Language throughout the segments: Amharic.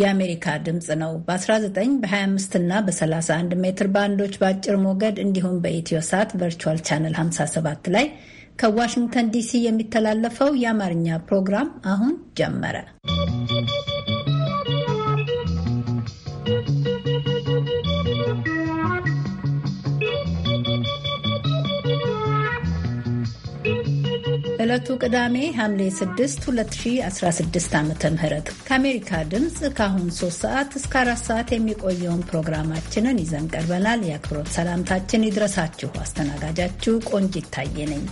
የአሜሪካ ድምፅ ነው። በ19 በ25 እና በ31 ሜትር ባንዶች በአጭር ሞገድ እንዲሁም በኢትዮ ሳት ቨርቹዋል ቻነል 57 ላይ ከዋሽንግተን ዲሲ የሚተላለፈው የአማርኛ ፕሮግራም አሁን ጀመረ። ዕለቱ ቅዳሜ ሐምሌ 6 2016 ዓ ም ከአሜሪካ ድምፅ ከአሁን 3 ሰዓት እስከ 4 ሰዓት የሚቆየውን ፕሮግራማችንን ይዘን ቀርበናል። የአክብሮት ሰላምታችን ይድረሳችሁ። አስተናጋጃችሁ ቆንጅ ይታየ ነኝ።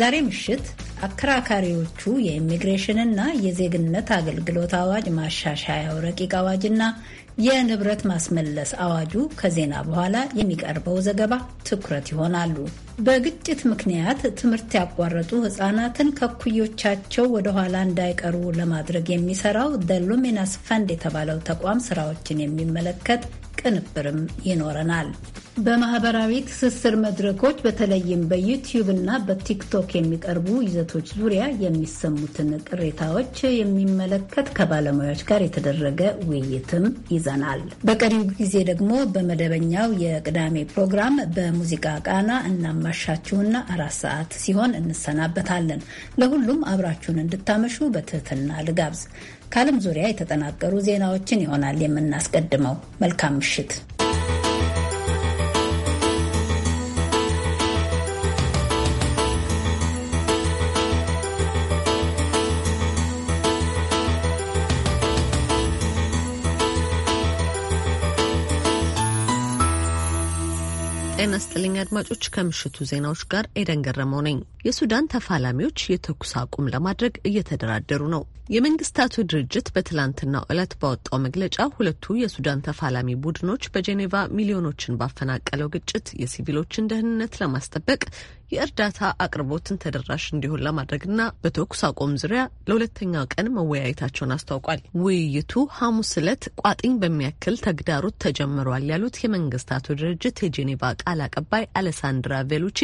ዛሬ ምሽት አከራካሪዎቹ የኢሚግሬሽንና የዜግነት አገልግሎት አዋጅ ማሻሻያው ረቂቅ አዋጅና የንብረት ማስመለስ አዋጁ ከዜና በኋላ የሚቀርበው ዘገባ ትኩረት ይሆናሉ። በግጭት ምክንያት ትምህርት ያቋረጡ ህጻናትን ከኩዮቻቸው ወደ ኋላ እንዳይቀሩ ለማድረግ የሚሰራው ደ ፈንድ የተባለው ተቋም ስራዎችን የሚመለከት ቅንብርም ይኖረናል። በማህበራዊ ትስስር መድረኮች በተለይም በዩቲዩብ እና በቲክቶክ የሚቀርቡ ይዘቶች ዙሪያ የሚሰሙትን ቅሬታዎች የሚመለከት ከባለሙያዎች ጋር የተደረገ ውይይትም ይዘናል። በቀሪው ጊዜ ደግሞ በመደበኛው የቅዳሜ ፕሮግራም በሙዚቃ ቃና እናማሻችሁና አራት ሰዓት ሲሆን እንሰናበታለን። ለሁሉም አብራችሁን እንድታመሹ በትህትና ልጋብዝ። ከዓለም ዙሪያ የተጠናቀሩ ዜናዎችን ይሆናል የምናስቀድመው። መልካም ምሽት። ጤና ስጥልኝ አድማጮች፣ ከምሽቱ ዜናዎች ጋር ኤደን ገረመው ነኝ። የሱዳን ተፋላሚዎች የተኩስ አቁም ለማድረግ እየተደራደሩ ነው። የመንግስታቱ ድርጅት በትላንትናው ዕለት ባወጣው መግለጫ ሁለቱ የሱዳን ተፋላሚ ቡድኖች በጄኔቫ ሚሊዮኖችን ባፈናቀለው ግጭት የሲቪሎችን ደህንነት ለማስጠበቅ የእርዳታ አቅርቦትን ተደራሽ እንዲሆን ለማድረግና በተኩስ አቆም ዙሪያ ለሁለተኛው ቀን መወያየታቸውን አስታውቋል። ውይይቱ ሐሙስ ዕለት ቋጥኝ በሚያክል ተግዳሮት ተጀምሯል ያሉት የመንግስታቱ ድርጅት የጄኔቫ ቃል አቀባይ አሌሳንድራ ቬሉቺ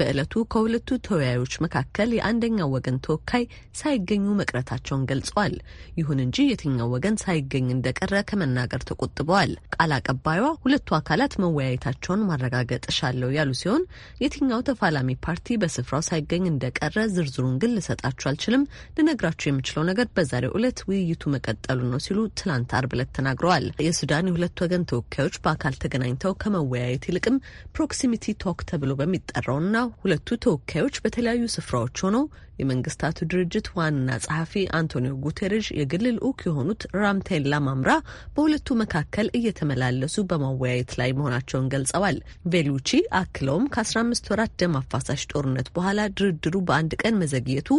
በዕለቱ ከሁለቱ ተወያዮች መካከል የአንደኛው ወገን ተወካይ ሳይገኙ መቅረታቸውን ገልጸዋል። ይሁን እንጂ የትኛው ወገን ሳይገኝ እንደቀረ ከመናገር ተቆጥበዋል። ቃል አቀባይዋ ሁለቱ አካላት መወያየታቸውን ማረጋገጥ እሻለሁ ያሉ ሲሆን የትኛው ተፋላ ተቃዋሚ ፓርቲ በስፍራው ሳይገኝ እንደቀረ ዝርዝሩን ግን ልሰጣችሁ አልችልም። ልነግራችሁ የምችለው ነገር በዛሬው ዕለት ውይይቱ መቀጠሉ ነው ሲሉ ትላንት አርብ ዕለት ተናግረዋል። የሱዳን የሁለት ወገን ተወካዮች በአካል ተገናኝተው ከመወያየት ይልቅም ፕሮክሲሚቲ ቶክ ተብሎ በሚጠራውና ሁለቱ ተወካዮች በተለያዩ ስፍራዎች ሆነው የመንግስታቱ ድርጅት ዋና ጸሐፊ አንቶኒዮ ጉቴሬዥ የግል ልዑክ የሆኑት ራምቴን ላማምራ በሁለቱ መካከል እየተመላለሱ በማወያየት ላይ መሆናቸውን ገልጸዋል። ቬሉቺ አክለውም ከ15 ወራት ደም አፋሳሽ ጦርነት በኋላ ድርድሩ በአንድ ቀን መዘግየቱ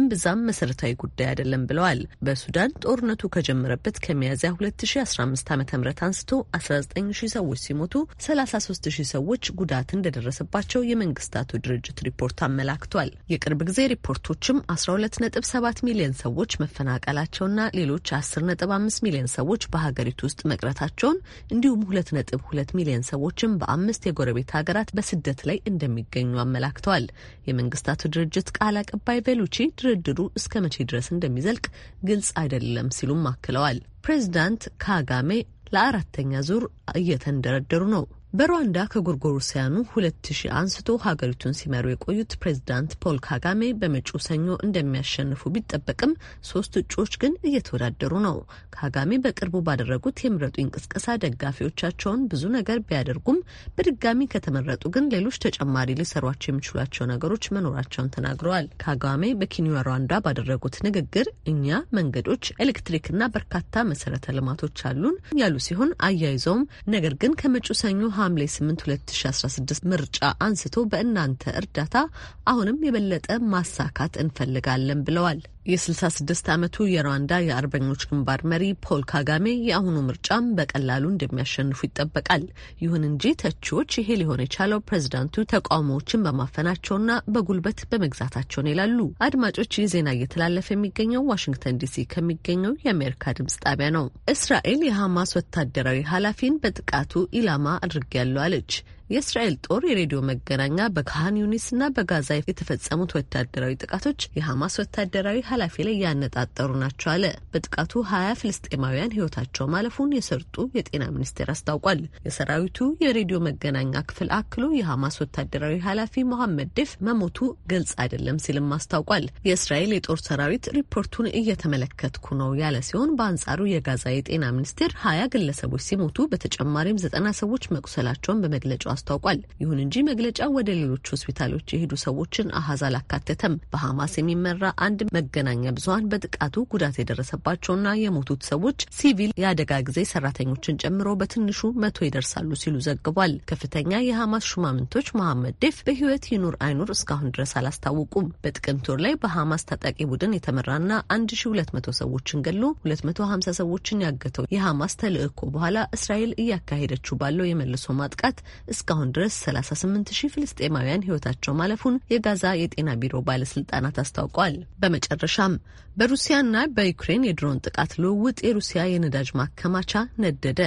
እምብዛም መሰረታዊ ጉዳይ አይደለም ብለዋል። በሱዳን ጦርነቱ ከጀመረበት ከሚያዝያ 2015 ዓ ም አንስቶ 190 ሰዎች ሲሞቱ 330 ሰዎች ጉዳት እንደደረሰባቸው የመንግስታቱ ድርጅት ሪፖርት አመላክቷል። የቅርብ ጊዜ ሪፖርት ሪፖርቶችም 127 ሚሊዮን ሰዎች መፈናቀላቸውና ሌሎች 105 ሚሊዮን ሰዎች በሀገሪቱ ውስጥ መቅረታቸውን እንዲሁም 22 ሚሊዮን ሰዎችም በአምስት የጎረቤት ሀገራት በስደት ላይ እንደሚገኙ አመላክተዋል። የመንግስታቱ ድርጅት ቃል አቀባይ ቬሉቺ ድርድሩ እስከ መቼ ድረስ እንደሚዘልቅ ግልጽ አይደለም ሲሉም አክለዋል። ፕሬዚዳንት ካጋሜ ለአራተኛ ዙር እየተንደረደሩ ነው። በሩዋንዳ ከጎርጎሮሳውያኑ 2000 አንስቶ ሀገሪቱን ሲመሩ የቆዩት ፕሬዚዳንት ፖል ካጋሜ በመጪው ሰኞ እንደሚያሸንፉ ቢጠበቅም ሶስት እጩዎች ግን እየተወዳደሩ ነው። ካጋሜ በቅርቡ ባደረጉት የምረጡ እንቅስቀሳ ደጋፊዎቻቸውን ብዙ ነገር ቢያደርጉም በድጋሚ ከተመረጡ ግን ሌሎች ተጨማሪ ሊሰሯቸው የሚችሏቸው ነገሮች መኖራቸውን ተናግረዋል። ካጋሜ በኪንያ ሩዋንዳ ባደረጉት ንግግር እኛ መንገዶች፣ ኤሌክትሪክና በርካታ መሰረተ ልማቶች አሉን ያሉ ሲሆን አያይዘውም ነገር ግን ከመጪው ሰኞ ከሐምሌ 8 2016 ምርጫ አንስቶ በእናንተ እርዳታ አሁንም የበለጠ ማሳካት እንፈልጋለን ብለዋል። የ66 ዓመቱ የሩዋንዳ የአርበኞች ግንባር መሪ ፖል ካጋሜ የአሁኑ ምርጫም በቀላሉ እንደሚያሸንፉ ይጠበቃል። ይሁን እንጂ ተቺዎች ይሄ ሊሆን የቻለው ፕሬዝዳንቱ ተቃውሞዎችን በማፈናቸውና በጉልበት በመግዛታቸው ነው ይላሉ። አድማጮች፣ ይህ ዜና እየተላለፈ የሚገኘው ዋሽንግተን ዲሲ ከሚገኘው የአሜሪካ ድምጽ ጣቢያ ነው። እስራኤል የሐማስ ወታደራዊ ኃላፊን በጥቃቱ ኢላማ አድርጌያለሁ አለች። የእስራኤል ጦር የሬዲዮ መገናኛ በካህን ዩኒስ ና በጋዛ የተፈጸሙት ወታደራዊ ጥቃቶች የሐማስ ወታደራዊ ኃላፊ ላይ ያነጣጠሩ ናቸው አለ። በጥቃቱ ሀያ ፍልስጤማውያን ህይወታቸው ማለፉን የሰርጡ የጤና ሚኒስቴር አስታውቋል። የሰራዊቱ የሬዲዮ መገናኛ ክፍል አክሎ የሐማስ ወታደራዊ ኃላፊ ሞሐመድ ዴፍ መሞቱ ግልጽ አይደለም ሲልም አስታውቋል። የእስራኤል የጦር ሰራዊት ሪፖርቱን እየተመለከትኩ ነው ያለ ሲሆን በአንጻሩ የጋዛ የጤና ሚኒስቴር ሀያ ግለሰቦች ሲሞቱ በተጨማሪም ዘጠና ሰዎች መቁሰላቸውን በመግለጫው አስታውቋል። ይሁን እንጂ መግለጫው ወደ ሌሎች ሆስፒታሎች የሄዱ ሰዎችን አሀዝ አላካተተም። በሐማስ የሚመራ አንድ መገናኛ ብዙሀን በጥቃቱ ጉዳት የደረሰባቸውና የሞቱት ሰዎች ሲቪል የአደጋ ጊዜ ሰራተኞችን ጨምሮ በትንሹ መቶ ይደርሳሉ ሲሉ ዘግቧል። ከፍተኛ የሐማስ ሹማምንቶች መሐመድ ዴፍ በህይወት ይኑር አይኑር እስካሁን ድረስ አላስታወቁም። በጥቅምት ወር ላይ በሐማስ ታጣቂ ቡድን የተመራና 1200 ሰዎችን ገሎ 250 ሰዎችን ያገተው የሐማስ ተልእኮ በኋላ እስራኤል እያካሄደችው ባለው የመልሶ ማጥቃት እስካሁን ድረስ 38 ሺህ ፍልስጤማውያን ህይወታቸው ማለፉን የጋዛ የጤና ቢሮ ባለስልጣናት አስታውቋል። በመጨረሻም በሩሲያና በዩክሬን የድሮን ጥቃት ልውውጥ የሩሲያ የነዳጅ ማከማቻ ነደደ።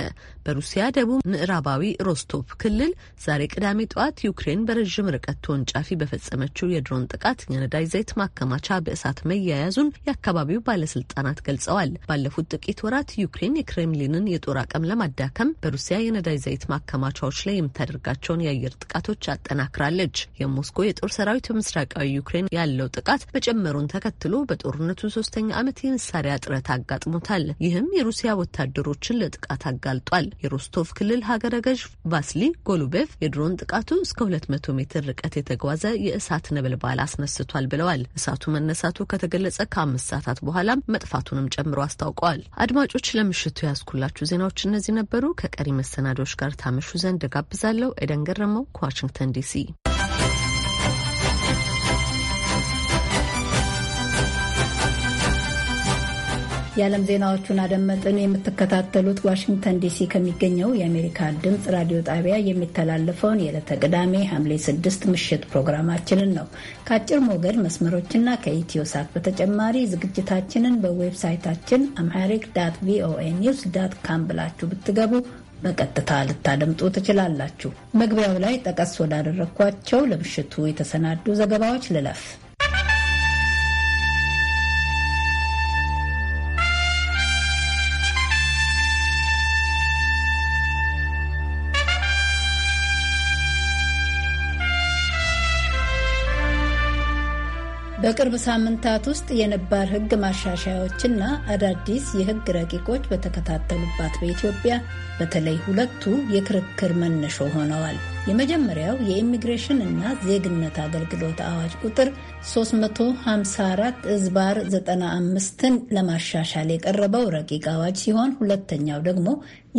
በሩሲያ ደቡብ ምዕራባዊ ሮስቶቭ ክልል ዛሬ ቅዳሜ ጠዋት ዩክሬን በረዥም ርቀት ተወንጫፊ በፈጸመችው የድሮን ጥቃት የነዳጅ ዘይት ማከማቻ በእሳት መያያዙን የአካባቢው ባለስልጣናት ገልጸዋል። ባለፉት ጥቂት ወራት ዩክሬን የክሬምሊንን የጦር አቅም ለማዳከም በሩሲያ የነዳጅ ዘይት ማከማቻዎች ላይ የምታደርገው የምታደርጋቸውን የአየር ጥቃቶች አጠናክራለች። የሞስኮ የጦር ሰራዊት በምስራቃዊ ዩክሬን ያለው ጥቃት መጨመሩን ተከትሎ በጦርነቱ ሶስተኛ ዓመት የመሳሪያ እጥረት አጋጥሞታል። ይህም የሩሲያ ወታደሮችን ለጥቃት አጋልጧል። የሮስቶቭ ክልል ሀገረ ገዥ ቫስሊ ጎሉቤቭ የድሮን ጥቃቱ እስከ 200 ሜትር ርቀት የተጓዘ የእሳት ነበልባል አስነስቷል ብለዋል። እሳቱ መነሳቱ ከተገለጸ ከአምስት ሰዓታት በኋላም መጥፋቱንም ጨምሮ አስታውቀዋል። አድማጮች ለምሽቱ ያስኩላችሁ ዜናዎች እነዚህ ነበሩ። ከቀሪ መሰናዶዎች ጋር ታመሹ ዘንድ ጋብዛለሁ። ኤደን ገረመው ከዋሽንግተን ዲሲ። የዓለም ዜናዎቹን አደመጥን። የምትከታተሉት ዋሽንግተን ዲሲ ከሚገኘው የአሜሪካ ድምፅ ራዲዮ ጣቢያ የሚተላለፈውን የዕለተ ቅዳሜ ሐምሌ ስድስት ምሽት ፕሮግራማችንን ነው። ከአጭር ሞገድ መስመሮችና ከኢትዮ ሳት በተጨማሪ ዝግጅታችንን በዌብሳይታችን አምሐሪክ ዳት ቪኦኤ ኒውስ ዳት ካም ብላችሁ ብትገቡ በቀጥታ ልታደምጡ ትችላላችሁ። መግቢያው ላይ ጠቀስ ወዳደረግኳቸው ለምሽቱ የተሰናዱ ዘገባዎች ልለፍ። በቅርብ ሳምንታት ውስጥ የነባር ሕግ ማሻሻያዎችና አዳዲስ የሕግ ረቂቆች በተከታተሉባት በኢትዮጵያ በተለይ ሁለቱ የክርክር መነሾ ሆነዋል። የመጀመሪያው የኢሚግሬሽን እና ዜግነት አገልግሎት አዋጅ ቁጥር 354 እዝባር 95ን ለማሻሻል የቀረበው ረቂቅ አዋጅ ሲሆን ሁለተኛው ደግሞ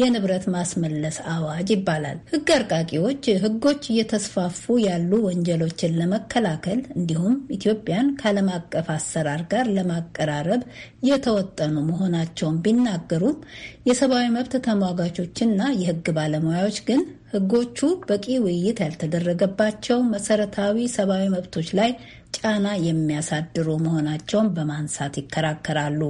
የንብረት ማስመለስ አዋጅ ይባላል። ሕግ አርቃቂዎች ሕጎች እየተስፋፉ ያሉ ወንጀሎችን ለመከላከል እንዲሁም ኢትዮጵያን ከዓለም አቀፍ አሰራር ጋር ለማቀራረብ የተወጠኑ መሆናቸውን ቢናገሩም የሰብአዊ መብት ተሟጋቾችና የሕግ ባለሙያዎች ግን ህጎቹ በቂ ውይይት ያልተደረገባቸው መሰረታዊ ሰብአዊ መብቶች ላይ ጫና የሚያሳድሩ መሆናቸውን በማንሳት ይከራከራሉ።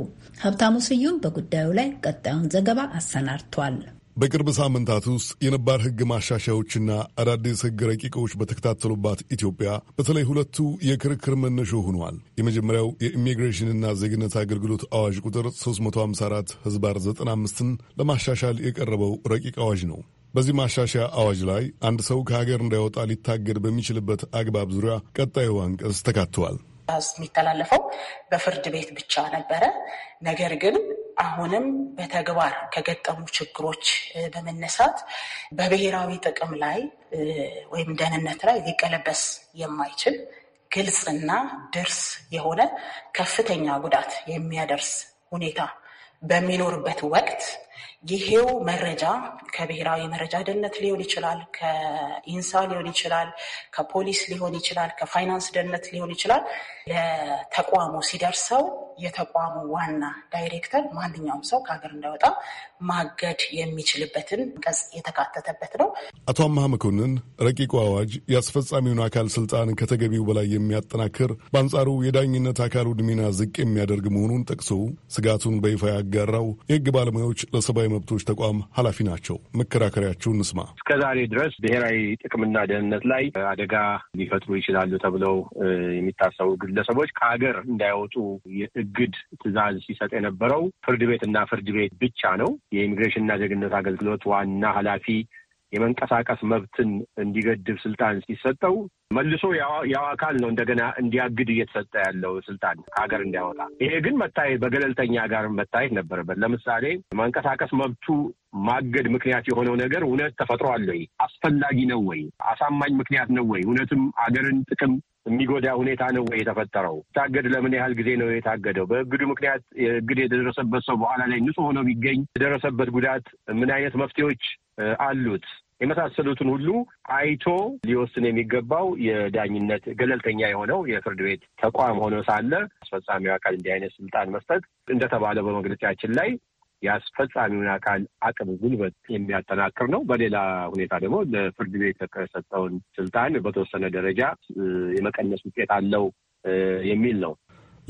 ሀብታሙ ስዩም በጉዳዩ ላይ ቀጣዩን ዘገባ አሰናድቷል። በቅርብ ሳምንታት ውስጥ የነባር ሕግ ማሻሻያዎችና አዳዲስ ሕግ ረቂቆች በተከታተሉባት ኢትዮጵያ በተለይ ሁለቱ የክርክር መነሾ ሆነዋል። የመጀመሪያው የኢሚግሬሽንና ዜግነት አገልግሎት አዋጅ ቁጥር 354 ህዝባር 95ን ለማሻሻል የቀረበው ረቂቅ አዋጅ ነው። በዚህ ማሻሻያ አዋጅ ላይ አንድ ሰው ከሀገር እንዳይወጣ ሊታገድ በሚችልበት አግባብ ዙሪያ ቀጣዩ አንቀጽ ተካተዋል። የሚተላለፈው በፍርድ ቤት ብቻ ነበረ። ነገር ግን አሁንም በተግባር ከገጠሙ ችግሮች በመነሳት በብሔራዊ ጥቅም ላይ ወይም ደህንነት ላይ ሊቀለበስ የማይችል ግልጽና ድርስ የሆነ ከፍተኛ ጉዳት የሚያደርስ ሁኔታ በሚኖርበት ወቅት ይሄው መረጃ ከብሔራዊ መረጃ ደህንነት ሊሆን ይችላል፣ ከኢንሳ ሊሆን ይችላል፣ ከፖሊስ ሊሆን ይችላል፣ ከፋይናንስ ደህንነት ሊሆን ይችላል። ለተቋሙ ሲደርሰው የተቋሙ ዋና ዳይሬክተር ማንኛውም ሰው ከሀገር እንዳይወጣ ማገድ የሚችልበትን ቀጽ የተካተተበት ነው። አቶ አመሀ መኮንን ረቂቁ አዋጅ የአስፈጻሚውን አካል ስልጣን ከተገቢው በላይ የሚያጠናክር በአንጻሩ የዳኝነት አካል ዕድሜና ዝቅ የሚያደርግ መሆኑን ጠቅሶ ስጋቱን በይፋ ያጋራው የህግ ባለሙያዎች የሰብአዊ መብቶች ተቋም ኃላፊ ናቸው። መከራከሪያቸውን እንስማ። እስከ ዛሬ ድረስ ብሔራዊ ጥቅምና ደህንነት ላይ አደጋ ሊፈጥሩ ይችላሉ ተብለው የሚታሰቡ ግለሰቦች ከሀገር እንዳይወጡ የእግድ ትዕዛዝ ሲሰጥ የነበረው ፍርድ ቤትና ፍርድ ቤት ብቻ ነው። የኢሚግሬሽንና ዜግነት አገልግሎት ዋና ኃላፊ የመንቀሳቀስ መብትን እንዲገድብ ስልጣን ሲሰጠው መልሶ ያው አካል ነው እንደገና እንዲያግድ እየተሰጠ ያለው ስልጣን ከሀገር እንዲያወጣ። ይሄ ግን መታየት በገለልተኛ ጋር መታየት ነበረበት። ለምሳሌ መንቀሳቀስ መብቱ ማገድ ምክንያት የሆነው ነገር እውነት ተፈጥሯል ወይ? አስፈላጊ ነው ወይ? አሳማኝ ምክንያት ነው ወይ? እውነትም አገርን ጥቅም የሚጎዳ ሁኔታ ነው ወይ የተፈጠረው? ታገድ ለምን ያህል ጊዜ ነው የታገደው? በእግዱ ምክንያት እግድ የደረሰበት ሰው በኋላ ላይ ንጹህ ሆኖ ቢገኝ የደረሰበት ጉዳት ምን አይነት መፍትሄዎች አሉት? የመሳሰሉትን ሁሉ አይቶ ሊወስን የሚገባው የዳኝነት ገለልተኛ የሆነው የፍርድ ቤት ተቋም ሆኖ ሳለ አስፈጻሚው አካል እንዲህ አይነት ስልጣን መስጠት እንደተባለው በመግለጫችን ላይ የአስፈጻሚውን አካል አቅም ጉልበት የሚያጠናክር ነው። በሌላ ሁኔታ ደግሞ ለፍርድ ቤት የተሰጠውን ስልጣን በተወሰነ ደረጃ የመቀነስ ውጤት አለው የሚል ነው።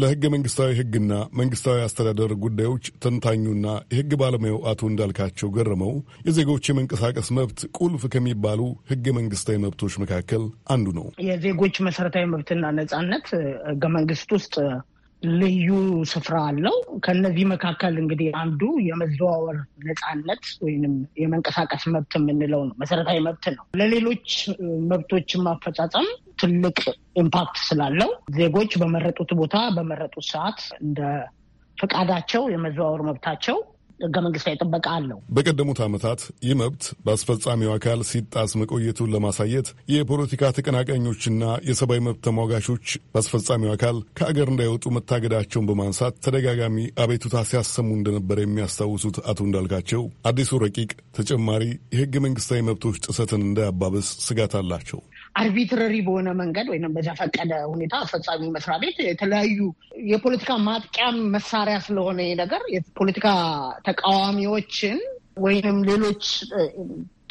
ለህገ መንግስታዊ ህግና መንግስታዊ አስተዳደር ጉዳዮች ተንታኙና የህግ ባለሙያው አቶ እንዳልካቸው ገረመው የዜጎች የመንቀሳቀስ መብት ቁልፍ ከሚባሉ ህገ መንግስታዊ መብቶች መካከል አንዱ ነው። የዜጎች መሰረታዊ መብትና ነጻነት ህገ መንግስት ውስጥ ልዩ ስፍራ አለው። ከነዚህ መካከል እንግዲህ አንዱ የመዘዋወር ነፃነት ወይም የመንቀሳቀስ መብት የምንለው ነው። መሰረታዊ መብት ነው። ለሌሎች መብቶችን ማፈጻጸም ትልቅ ኢምፓክት ስላለው ዜጎች በመረጡት ቦታ በመረጡት ሰዓት እንደ ፈቃዳቸው የመዘዋወር መብታቸው ህገ መንግስታዊ ጥበቃ አለው። በቀደሙት ዓመታት ይህ መብት በአስፈጻሚው አካል ሲጣስ መቆየቱን ለማሳየት የፖለቲካ ተቀናቃኞችና የሰብአዊ መብት ተሟጋቾች በአስፈጻሚው አካል ከአገር እንዳይወጡ መታገዳቸውን በማንሳት ተደጋጋሚ አቤቱታ ሲያሰሙ እንደነበረ የሚያስታውሱት አቶ እንዳልካቸው አዲሱ ረቂቅ ተጨማሪ የህገ መንግስታዊ መብቶች ጥሰትን እንዳያባበስ ስጋት አላቸው። አርቢትረሪ በሆነ መንገድ ወይም በዘፈቀደ ሁኔታ አስፈጻሚ መስሪያ ቤት የተለያዩ የፖለቲካ ማጥቂያም መሳሪያ ስለሆነ ነገር የፖለቲካ ተቃዋሚዎችን ወይም ሌሎች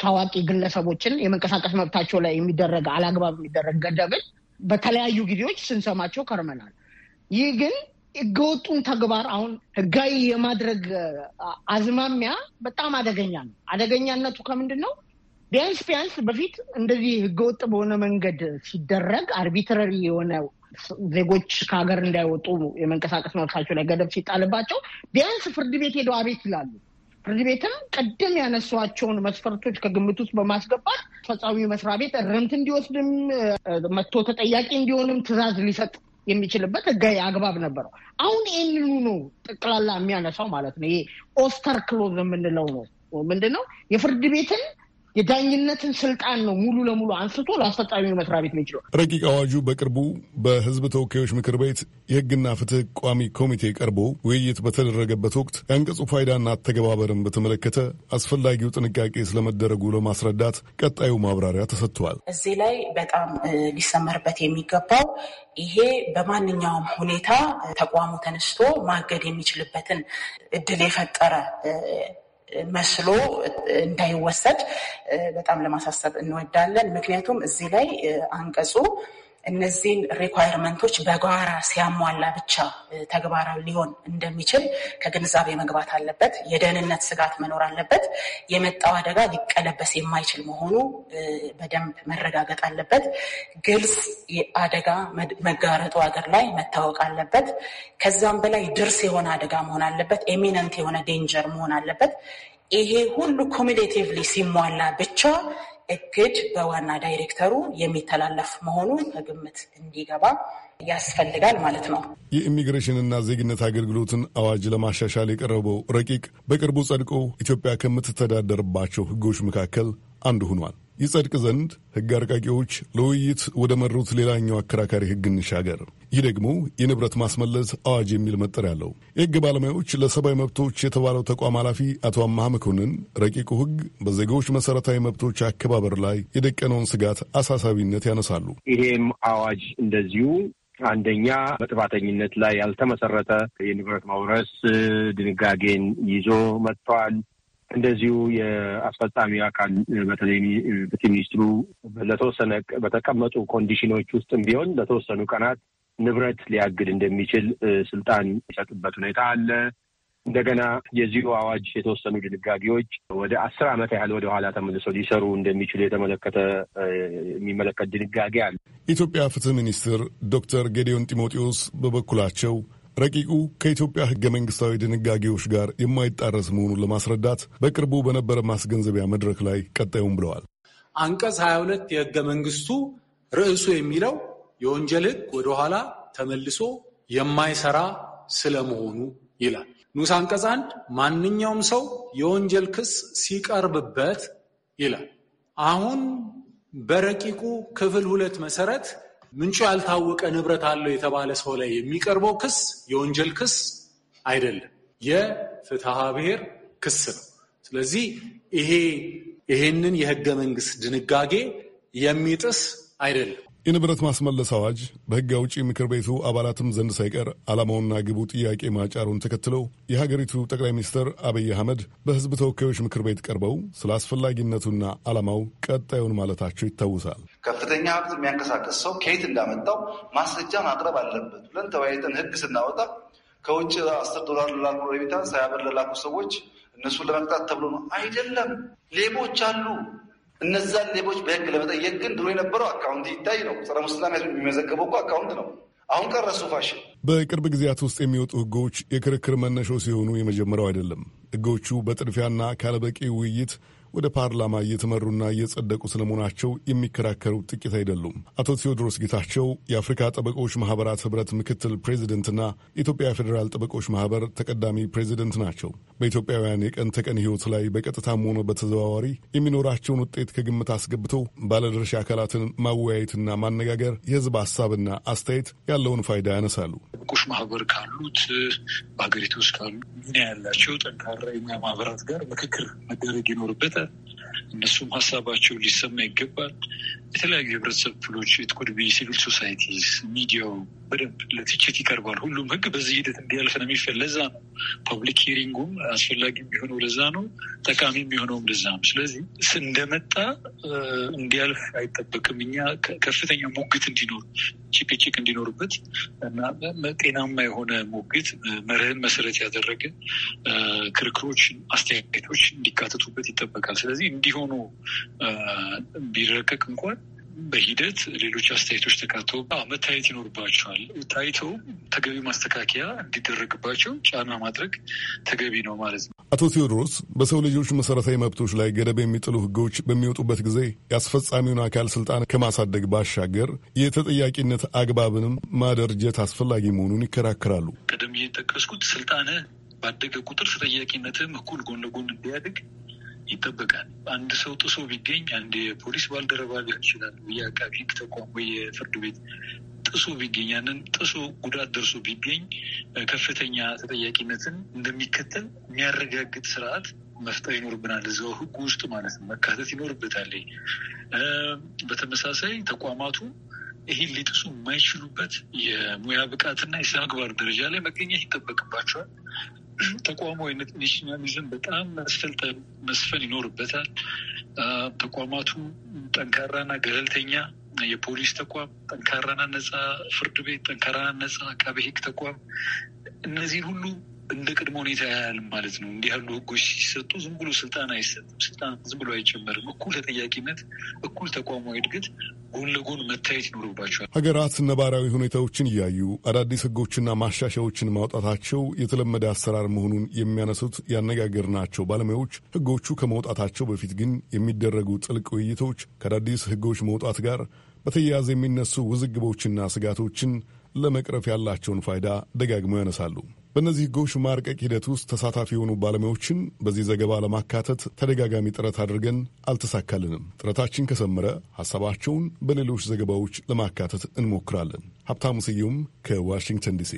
ታዋቂ ግለሰቦችን የመንቀሳቀስ መብታቸው ላይ የሚደረግ አላግባብ የሚደረግ ገደብን በተለያዩ ጊዜዎች ስንሰማቸው ከርመናል። ይህ ግን ህገወጡን ተግባር አሁን ህጋዊ የማድረግ አዝማሚያ በጣም አደገኛ ነው። አደገኛነቱ ከምንድን ነው? ቢያንስ ቢያንስ በፊት እንደዚህ ህገወጥ በሆነ መንገድ ሲደረግ አርቢትራሪ የሆነ ዜጎች ከሀገር እንዳይወጡ የመንቀሳቀስ መብታቸው ላይ ገደብ ሲጣልባቸው ቢያንስ ፍርድ ቤት ሄደው አቤት ይላሉ። ፍርድ ቤትም ቅድም ያነሷቸውን መስፈርቶች ከግምት ውስጥ በማስገባት ፈጻሚ መስሪያ ቤት እርምት እንዲወስድም መጥቶ ተጠያቂ እንዲሆንም ትዕዛዝ ሊሰጥ የሚችልበት ህጋዊ አግባብ ነበረው። አሁን ይህንኑ ነው ጠቅላላ የሚያነሳው ማለት ነው። ይሄ ኦስተር ክሎዝ የምንለው ነው። ምንድን ነው የፍርድ ቤትን የዳኝነትን ስልጣን ነው ሙሉ ለሙሉ አንስቶ ለአስፈጻሚው መስሪያ ቤት ነው ረቂቅ አዋጁ በቅርቡ በህዝብ ተወካዮች ምክር ቤት የህግና ፍትህ ቋሚ ኮሚቴ ቀርቦ ውይይት በተደረገበት ወቅት የአንቀጹ ፋይዳና አተገባበርን በተመለከተ አስፈላጊው ጥንቃቄ ስለመደረጉ ለማስረዳት ቀጣዩ ማብራሪያ ተሰጥቷል። እዚህ ላይ በጣም ሊሰመርበት የሚገባው ይሄ በማንኛውም ሁኔታ ተቋሙ ተነስቶ ማገድ የሚችልበትን እድል የፈጠረ መስሎ እንዳይወሰድ በጣም ለማሳሰብ እንወዳለን። ምክንያቱም እዚህ ላይ አንቀጹ እነዚህን ሪኳየርመንቶች በጋራ ሲያሟላ ብቻ ተግባራዊ ሊሆን እንደሚችል ከግንዛቤ መግባት አለበት። የደህንነት ስጋት መኖር አለበት። የመጣው አደጋ ሊቀለበስ የማይችል መሆኑ በደንብ መረጋገጥ አለበት። ግልጽ አደጋ መጋረጡ ሀገር ላይ መታወቅ አለበት። ከዛም በላይ ድርስ የሆነ አደጋ መሆን አለበት። ኤሚነንት የሆነ ዴንጀር መሆን አለበት። ይሄ ሁሉ ኮሚሌቲቭሊ ሲሟላ ብቻ እግድ በዋና ዳይሬክተሩ የሚተላለፍ መሆኑ ከግምት እንዲገባ ያስፈልጋል ማለት ነው። የኢሚግሬሽንና ዜግነት አገልግሎትን አዋጅ ለማሻሻል የቀረበው ረቂቅ በቅርቡ ጸድቆ ኢትዮጵያ ከምትተዳደርባቸው ሕጎች መካከል አንዱ ሆኗል። ይጸድቅ ዘንድ ሕግ አርቃቂዎች ለውይይት ወደ መሩት ሌላኛው አከራካሪ ሕግ እንሻገር። ይህ ደግሞ የንብረት ማስመለስ አዋጅ የሚል መጠሪያ አለው። የሕግ ባለሙያዎች ለሰብአዊ መብቶች የተባለው ተቋም ኃላፊ አቶ አማሃ መኮንን ረቂቁ ሕግ በዜጎች መሰረታዊ መብቶች አከባበር ላይ የደቀነውን ስጋት አሳሳቢነት ያነሳሉ። ይሄም አዋጅ እንደዚሁ አንደኛ በጥፋተኝነት ላይ ያልተመሰረተ የንብረት ማውረስ ድንጋጌን ይዞ መጥተዋል። እንደዚሁ የአስፈጻሚ አካል በተለይ ሚኒስትሩ ለተወሰነ በተቀመጡ ኮንዲሽኖች ውስጥም ቢሆን ለተወሰኑ ቀናት ንብረት ሊያግድ እንደሚችል ስልጣን ይሰጥበት ሁኔታ አለ። እንደገና የዚሁ አዋጅ የተወሰኑ ድንጋጌዎች ወደ አስር ዓመት ያህል ወደ ኋላ ተመልሰው ሊሰሩ እንደሚችሉ የተመለከተ የሚመለከት ድንጋጌ አለ። የኢትዮጵያ ፍትህ ሚኒስትር ዶክተር ጌዲዮን ጢሞቴዎስ በበኩላቸው ረቂቁ ከኢትዮጵያ ህገ መንግስታዊ ድንጋጌዎች ጋር የማይጣረስ መሆኑን ለማስረዳት በቅርቡ በነበረ ማስገንዘቢያ መድረክ ላይ ቀጣዩም ብለዋል። አንቀጽ 22 የህገ መንግስቱ ርዕሱ የሚለው የወንጀል ህግ ወደኋላ ተመልሶ የማይሰራ ስለመሆኑ ይላል። ንዑስ አንቀጽ አንድ ማንኛውም ሰው የወንጀል ክስ ሲቀርብበት ይላል። አሁን በረቂቁ ክፍል ሁለት መሰረት ምንጩ ያልታወቀ ንብረት አለው የተባለ ሰው ላይ የሚቀርበው ክስ የወንጀል ክስ አይደለም፣ የፍትሐ ብሔር ክስ ነው። ስለዚህ ይሄ ይሄንን የህገ መንግስት ድንጋጌ የሚጥስ አይደለም። የንብረት ማስመለስ አዋጅ በህግ አውጪ ምክር ቤቱ አባላትም ዘንድ ሳይቀር ዓላማውና ግቡ ጥያቄ ማጫሩን ተከትለው የሀገሪቱ ጠቅላይ ሚኒስትር አብይ አህመድ በህዝብ ተወካዮች ምክር ቤት ቀርበው ስለ አስፈላጊነቱና ዓላማው ቀጣዩን ማለታቸው ይታወሳል። ከፍተኛ ሀብት የሚያንቀሳቀስ ሰው ከየት እንዳመጣው ማስረጃ ማቅረብ አለበት ብለን ተወያይተን ህግ ስናወጣ ከውጭ አስር ዶላር ለላኩ ረቢታ ሳያበር ለላኩ ሰዎች እነሱን ለመቅጣት ተብሎ ነው አይደለም። ሌቦች አሉ። እነዛን ሌቦች በህግ ለመጠየቅ ግን ድሮ የነበረው አካውንት ይታይ ነው። ጸረ ሙስና የሚመዘገበው እኮ አካውንት ነው። አሁን ቀረሱ ፋሽን። በቅርብ ጊዜያት ውስጥ የሚወጡ ህጎች የክርክር መነሻው ሲሆኑ የመጀመሪያው አይደለም። ህጎቹ በጥድፊያና ካለበቂ ውይይት ወደ ፓርላማ እየተመሩና እየጸደቁ ስለመሆናቸው የሚከራከሩ ጥቂት አይደሉም። አቶ ቴዎድሮስ ጌታቸው የአፍሪካ ጠበቆች ማህበራት ህብረት ምክትል ፕሬዚደንትና የኢትዮጵያ ፌዴራል ጠበቆች ማህበር ተቀዳሚ ፕሬዚደንት ናቸው። በኢትዮጵያውያን የቀን ተቀን ህይወት ላይ በቀጥታም ሆነ በተዘዋዋሪ የሚኖራቸውን ውጤት ከግምት አስገብተው ባለድርሻ አካላትን ማወያየትና ማነጋገር የህዝብ ሀሳብና አስተያየት ያለውን ፋይዳ ያነሳሉ። ንቁሽ ማህበር ካሉት በሀገሪቱ ውስጥ ካሉ ሚና ያላቸው ጠንካራ የሙያ ማህበራት ጋር ምክክር መደረግ ይኖርበታል። እነሱም ሀሳባቸው ሊሰማ ይገባል። የተለያዩ የህብረተሰብ ክፍሎች ኢትኮድቢ፣ ሲቪል ሶሳይቲስ፣ ሚዲያው በደንብ ለትችት ይቀርባል። ሁሉም ህግ በዚህ ሂደት እንዲያልፍ ነው የሚፈል። ለዛ ነው ፐብሊክ ሂሪንጉም አስፈላጊ የሚሆነው ለዛ ነው፣ ጠቃሚ የሚሆነውም ለዛ ነው። ስለዚህ እንደመጣ እንዲያልፍ አይጠበቅም። እኛ ከፍተኛ ሞግት እንዲኖር ጭቅጭቅ እንዲኖርበት እና ጤናማ የሆነ ሞግት መርህን መሰረት ያደረገ ክርክሮች፣ አስተያየቶች እንዲካተቱበት ይጠበቃል። ስለዚህ እንዲሆኑ ቢረቀቅ እንኳን በሂደት ሌሎች አስተያየቶች ተካተው መታየት ይኖርባቸዋል። ታይተው ተገቢ ማስተካከያ እንዲደረግባቸው ጫና ማድረግ ተገቢ ነው ማለት ነው። አቶ ቴዎድሮስ በሰው ልጆች መሰረታዊ መብቶች ላይ ገደብ የሚጥሉ ህጎች በሚወጡበት ጊዜ የአስፈጻሚውን አካል ስልጣን ከማሳደግ ባሻገር የተጠያቂነት አግባብንም ማደርጀት አስፈላጊ መሆኑን ይከራከራሉ። ቀደም እየጠቀስኩት ስልጣንህ ባደገ ቁጥር ተጠያቂነትም እኩል ጎን ለጎን እንዲያድግ ይጠበቃል። አንድ ሰው ጥሶ ቢገኝ አንድ የፖሊስ ባልደረባ ሊሆን ይችላል፣ የአቃቢ ሕግ ተቋም ወይ የፍርድ ቤት ጥሶ ቢገኝ ያንን ጥሶ ጉዳት ደርሶ ቢገኝ ከፍተኛ ተጠያቂነትን እንደሚከተል የሚያረጋግጥ ስርዓት መፍጠር ይኖርብናል። እዛው ህጉ ውስጥ ማለት ነው መካተት ይኖርበታል። በተመሳሳይ ተቋማቱ ይህን ሊጥሱ የማይችሉበት የሙያ ብቃትና የስነ ምግባር ደረጃ ላይ መገኘት ይጠበቅባቸዋል። ተቋሙ አይነት በጣም መስፈን መስፈን ይኖርበታል። ተቋማቱ ጠንካራና ገለልተኛ የፖሊስ ተቋም፣ ጠንካራና ነፃ ፍርድ ቤት፣ ጠንካራና ነፃ አቃቤ ሕግ ተቋም እነዚህ ሁሉ እንደ ቅድሞ ሁኔታ ያህል ማለት ነው። እንዲህ ያሉ ህጎች ሲሰጡ ዝም ብሎ ስልጣን አይሰጥም። ስልጣን ዝም ብሎ አይጨመርም። እኩል ተጠያቂነት፣ እኩል ተቋማዊ እድገት ጎን ለጎን መታየት ይኖርባቸዋል። ሀገራት ነባራዊ ሁኔታዎችን እያዩ አዳዲስ ህጎችና ማሻሻያዎችን ማውጣታቸው የተለመደ አሰራር መሆኑን የሚያነሱት ያነጋገርናቸው ባለሙያዎች ህጎቹ ከመውጣታቸው በፊት ግን የሚደረጉ ጥልቅ ውይይቶች ከአዳዲስ ህጎች መውጣት ጋር በተያያዘ የሚነሱ ውዝግቦችና ስጋቶችን ለመቅረፍ ያላቸውን ፋይዳ ደጋግመው ያነሳሉ። በእነዚህ ሕጎች ማርቀቅ ሂደት ውስጥ ተሳታፊ የሆኑ ባለሙያዎችን በዚህ ዘገባ ለማካተት ተደጋጋሚ ጥረት አድርገን አልተሳካልንም። ጥረታችን ከሰመረ ሐሳባቸውን በሌሎች ዘገባዎች ለማካተት እንሞክራለን። ሀብታሙ ስዩም ከዋሽንግተን ዲሲ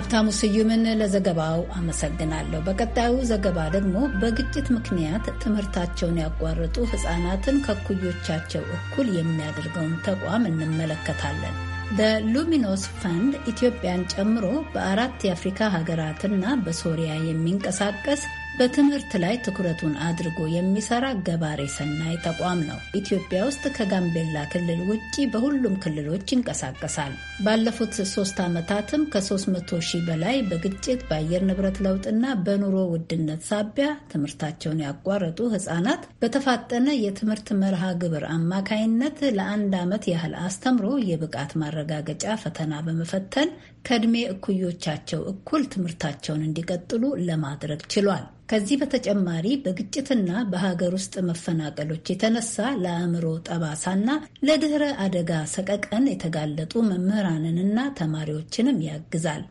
ሀብታሙ ስዩምን ለዘገባው አመሰግናለሁ። በቀጣዩ ዘገባ ደግሞ በግጭት ምክንያት ትምህርታቸውን ያቋረጡ ሕፃናትን ከኩዮቻቸው እኩል የሚያደርገውን ተቋም እንመለከታለን። በሉሚኖስ ፈንድ ኢትዮጵያን ጨምሮ በአራት የአፍሪካ ሀገራትና በሶሪያ የሚንቀሳቀስ በትምህርት ላይ ትኩረቱን አድርጎ የሚሰራ ገባሬ ሰናይ ተቋም ነው። ኢትዮጵያ ውስጥ ከጋምቤላ ክልል ውጪ በሁሉም ክልሎች ይንቀሳቀሳል። ባለፉት ሶስት ዓመታትም ከ300 ሺህ በላይ በግጭት በአየር ንብረት ለውጥና በኑሮ ውድነት ሳቢያ ትምህርታቸውን ያቋረጡ ሕጻናት በተፋጠነ የትምህርት መርሃ ግብር አማካይነት ለአንድ ዓመት ያህል አስተምሮ የብቃት ማረጋገጫ ፈተና በመፈተን ከዕድሜ እኩዮቻቸው እኩል ትምህርታቸውን እንዲቀጥሉ ለማድረግ ችሏል። ከዚህ በተጨማሪ በግጭትና በሀገር ውስጥ መፈናቀሎች የተነሳ ለአእምሮ ጠባሳና ለድህረ አደጋ ሰቀቀን የተጋለጡ መምህራንንና ተማሪዎችንም ያግዛል።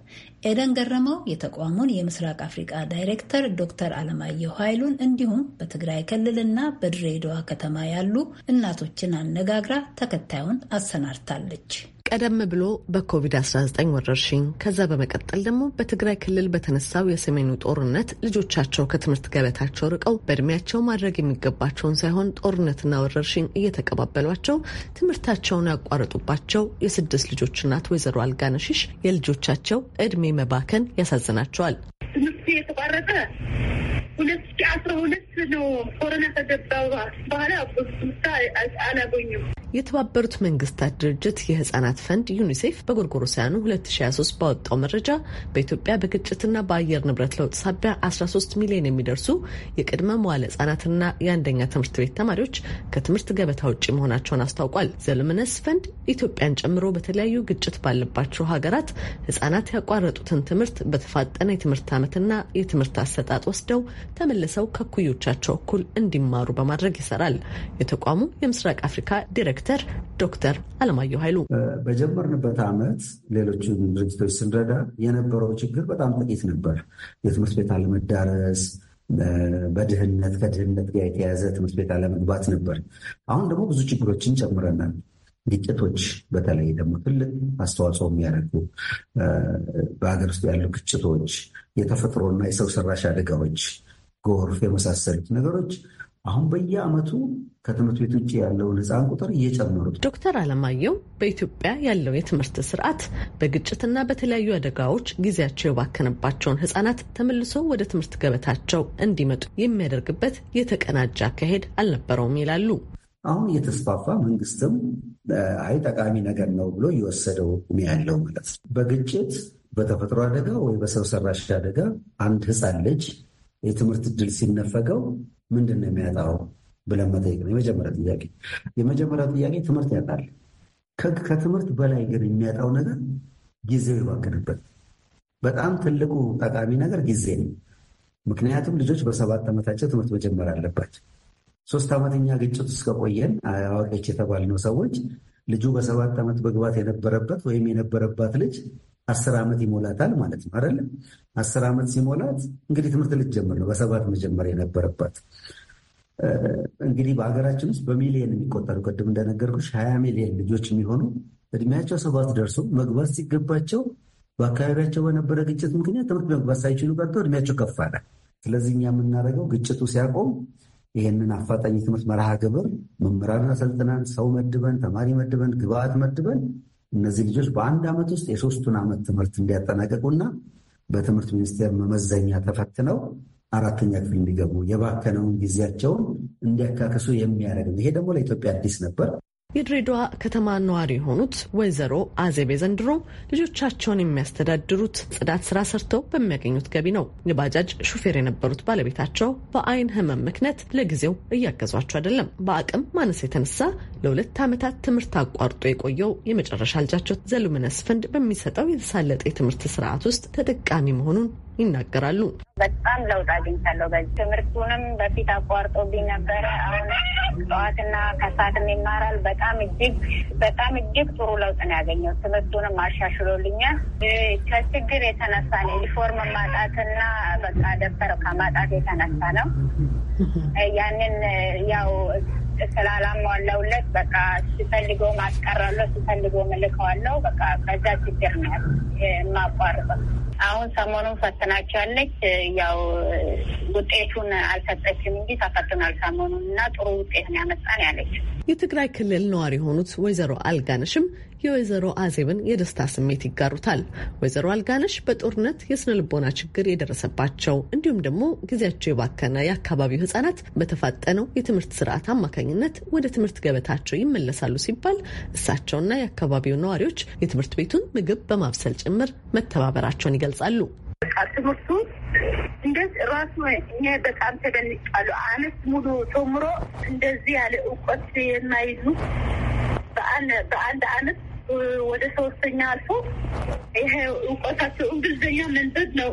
ኤደን ገረመው የተቋሙን የምስራቅ አፍሪቃ ዳይሬክተር ዶክተር አለማየሁ ኃይሉን እንዲሁም በትግራይ ክልልና በድሬዳዋ ከተማ ያሉ እናቶችን አነጋግራ ተከታዩን አሰናድታለች። ቀደም ብሎ በኮቪድ-19 ወረርሽኝ ከዛ በመቀጠል ደግሞ በትግራይ ክልል በተነሳው የሰሜኑ ጦርነት ልጆቻቸው ከትምህርት ገበታቸው ርቀው በእድሜያቸው ማድረግ የሚገባቸውን ሳይሆን ጦርነትና ወረርሽኝ እየተቀባበሏቸው ትምህርታቸውን ያቋረጡባቸው የስድስት ልጆች እናት ወይዘሮ አልጋነሽሽ የልጆቻቸው እድሜ መባከን ያሳዝናቸዋል። ትምህርት የተቋረጠ ሁለት ሺ አስራ ሁለት ነው ኮሮና ከገባ በኋላ ምሳ አላገኙም። የተባበሩት መንግስታት ድርጅት የህጻናት ፈንድ ዩኒሴፍ በጎርጎሮሳውያኑ 2023 ባወጣው መረጃ በኢትዮጵያ በግጭትና በአየር ንብረት ለውጥ ሳቢያ 13 ሚሊዮን የሚደርሱ የቅድመ መዋለ ህጻናትና የአንደኛ ትምህርት ቤት ተማሪዎች ከትምህርት ገበታ ውጭ መሆናቸውን አስታውቋል። ዘልምነስ ፈንድ ኢትዮጵያን ጨምሮ በተለያዩ ግጭት ባለባቸው ሀገራት ህጻናት ያቋረጡ የሚሰጡትን ትምህርት በተፋጠነ የትምህርት ዓመትና የትምህርት አሰጣጥ ወስደው ተመልሰው ከኩዮቻቸው እኩል እንዲማሩ በማድረግ ይሰራል። የተቋሙ የምስራቅ አፍሪካ ዲሬክተር ዶክተር አለማየሁ ኃይሉ በጀመርንበት ዓመት ሌሎችን ድርጅቶች ስንረዳ የነበረው ችግር በጣም ጥቂት ነበር። የትምህርት ቤት አለመዳረስ በድህነት ከድህነት ጋር የተያዘ ትምህርት ቤት አለመግባት ነበር። አሁን ደግሞ ብዙ ችግሮችን ጨምረናል። ግጭቶች በተለይ ደግሞ ትልቅ አስተዋጽኦ የሚያደርጉ በሀገር ውስጥ ያሉ ግጭቶች፣ የተፈጥሮና የሰው ሰራሽ አደጋዎች፣ ጎርፍ የመሳሰሉት ነገሮች አሁን በየዓመቱ ከትምህርት ቤት ውጭ ያለውን ህፃን ቁጥር እየጨመሩት። ዶክተር አለማየሁ በኢትዮጵያ ያለው የትምህርት ስርዓት በግጭትና በተለያዩ አደጋዎች ጊዜያቸው የባከነባቸውን ህጻናት ተመልሶ ወደ ትምህርት ገበታቸው እንዲመጡ የሚያደርግበት የተቀናጀ አካሄድ አልነበረውም ይላሉ። አሁን እየተስፋፋ መንግስትም አይ ጠቃሚ ነገር ነው ብሎ እየወሰደው ነው ያለው ማለት ነው። በግጭት በተፈጥሮ አደጋ ወይ በሰው ሰራሽ አደጋ አንድ ህፃን ልጅ የትምህርት እድል ሲነፈገው ምንድን ነው የሚያጣው ብለን መጠየቅ ነው የመጀመሪያ ጥያቄ። የመጀመሪያ ጥያቄ ትምህርት ያጣል። ከትምህርት በላይ ግን የሚያጣው ነገር ጊዜው ይዋገድበት። በጣም ትልቁ ጠቃሚ ነገር ጊዜ ነው። ምክንያቱም ልጆች በሰባት ዓመታቸው ትምህርት መጀመር አለባቸው። ሶስት ዓመተኛ ግጭት ውስጥ ከቆየን አዋቂች የተባልነው ሰዎች ልጁ በሰባት ዓመት መግባት የነበረበት ወይም የነበረባት ልጅ አስር ዓመት ይሞላታል ማለት ነው አይደለም። አስር ዓመት ሲሞላት እንግዲህ ትምህርት ልትጀምር ነው። በሰባት መጀመር የነበረባት እንግዲህ በሀገራችን ውስጥ በሚሊየን የሚቆጠሩ ቅድም እንደነገርኩሽ ሀያ ሚሊየን ልጆች የሚሆኑ እድሜያቸው ሰባት ደርሶ መግባት ሲገባቸው በአካባቢያቸው በነበረ ግጭት ምክንያት ትምህርት መግባት ሳይችሉ ቀርቶ እድሜያቸው ከፍ አለ። ስለዚህ እኛ የምናደርገው ግጭቱ ሲያቆም ይህንን አፋጣኝ ትምህርት መርሃ ግብር መምህራን አሰልጥነን ሰው መድበን ተማሪ መድበን ግብአት መድበን እነዚህ ልጆች በአንድ ዓመት ውስጥ የሶስቱን ዓመት ትምህርት እንዲያጠናቀቁና በትምህርት ሚኒስቴር መመዘኛ ተፈትነው አራተኛ ክፍል እንዲገቡ የባከነውን ጊዜያቸውን እንዲያካክሱ የሚያደርግ ነው። ይሄ ደግሞ ለኢትዮጵያ አዲስ ነበር። የድሬዳዋ ከተማ ነዋሪ የሆኑት ወይዘሮ አዜቤ ዘንድሮ ልጆቻቸውን የሚያስተዳድሩት ጽዳት ስራ ሰርተው በሚያገኙት ገቢ ነው። የባጃጅ ሹፌር የነበሩት ባለቤታቸው በአይን ህመም ምክንያት ለጊዜው እያገዟቸው አይደለም። በአቅም ማነስ የተነሳ ለሁለት ዓመታት ትምህርት አቋርጦ የቆየው የመጨረሻ ልጃቸው ዘሉምነስ ፈንድ በሚሰጠው የተሳለጠ የትምህርት ስርዓት ውስጥ ተጠቃሚ መሆኑን ይናገራሉ። በጣም ለውጥ አግኝቻለሁ። በዚህ ትምህርቱንም በፊት አቋርጦብኝ ነበረ። አሁን ጠዋትና ከሰዓትም ይማራል። በጣም እጅግ በጣም እጅግ ጥሩ ለውጥ ነው ያገኘው። ትምህርቱንም አሻሽሎልኛል። ከችግር የተነሳ ነው ዩኒፎርም ማጣትና በቃ ደብተር ከማጣት የተነሳ ነው። ያንን ያው ስላላሟላውለት በቃ ሲፈልጎ ማስቀራለሁ፣ ሲፈልጎ እልከዋለሁ። በቃ በዛ ችግር ነው የማቋርጠው። አሁን ሰሞኑን ፈተናቸዋለች። ያው ውጤቱን አልሰጠችም እንጂ ተፈትኗል ሰሞኑን እና ጥሩ ውጤት ነው ያመጣን ያለች። የትግራይ ክልል ነዋሪ የሆኑት ወይዘሮ አልጋነሽም የወይዘሮ አዜብን የደስታ ስሜት ይጋሩታል። ወይዘሮ አልጋነሽ በጦርነት የስነ ልቦና ችግር የደረሰባቸው እንዲሁም ደግሞ ጊዜያቸው የባከነ የአካባቢው ህጻናት በተፋጠነው የትምህርት ስርዓት አማካኝነት ወደ ትምህርት ገበታቸው ይመለሳሉ ሲባል እሳቸውና የአካባቢው ነዋሪዎች የትምህርት ቤቱን ምግብ በማብሰል ጭምር መተባበራቸውን ይገልጻሉ። ትምህርቱ እንደዚህ ራሱ እኛ በጣም ተደንቃሉ። አመት ሙሉ ተምሮ እንደዚህ ያለ እውቀት የማይዙ በአንድ አመት ወደ ሶስተኛ አልፎ ይሄ እውቀታቸው እንግሊዝኛ መንጠት ነው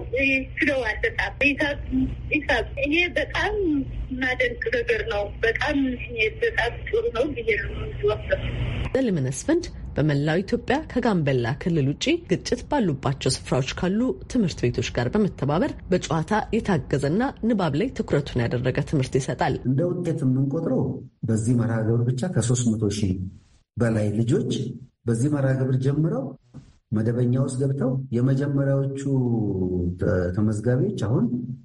ችለዋል። በጣም ሂሳብ ይሄ በጣም እናደንቅ ነገር ነው። በጣም በጣም ጥሩ ነው ብዬ ልምነስ ፈንድ በመላው ኢትዮጵያ ከጋምቤላ ክልል ውጪ ግጭት ባሉባቸው ስፍራዎች ካሉ ትምህርት ቤቶች ጋር በመተባበር በጨዋታ የታገዘና ንባብ ላይ ትኩረቱን ያደረገ ትምህርት ይሰጣል። እንደ ውጤት የምንቆጥረው በዚህ መርሃ ግብር ብቻ ከሶስት መቶ ሺህ በላይ ልጆች በዚህ መርሃ ግብር ጀምረው መደበኛ ውስጥ ገብተው የመጀመሪያዎቹ ተመዝጋቢዎች አሁን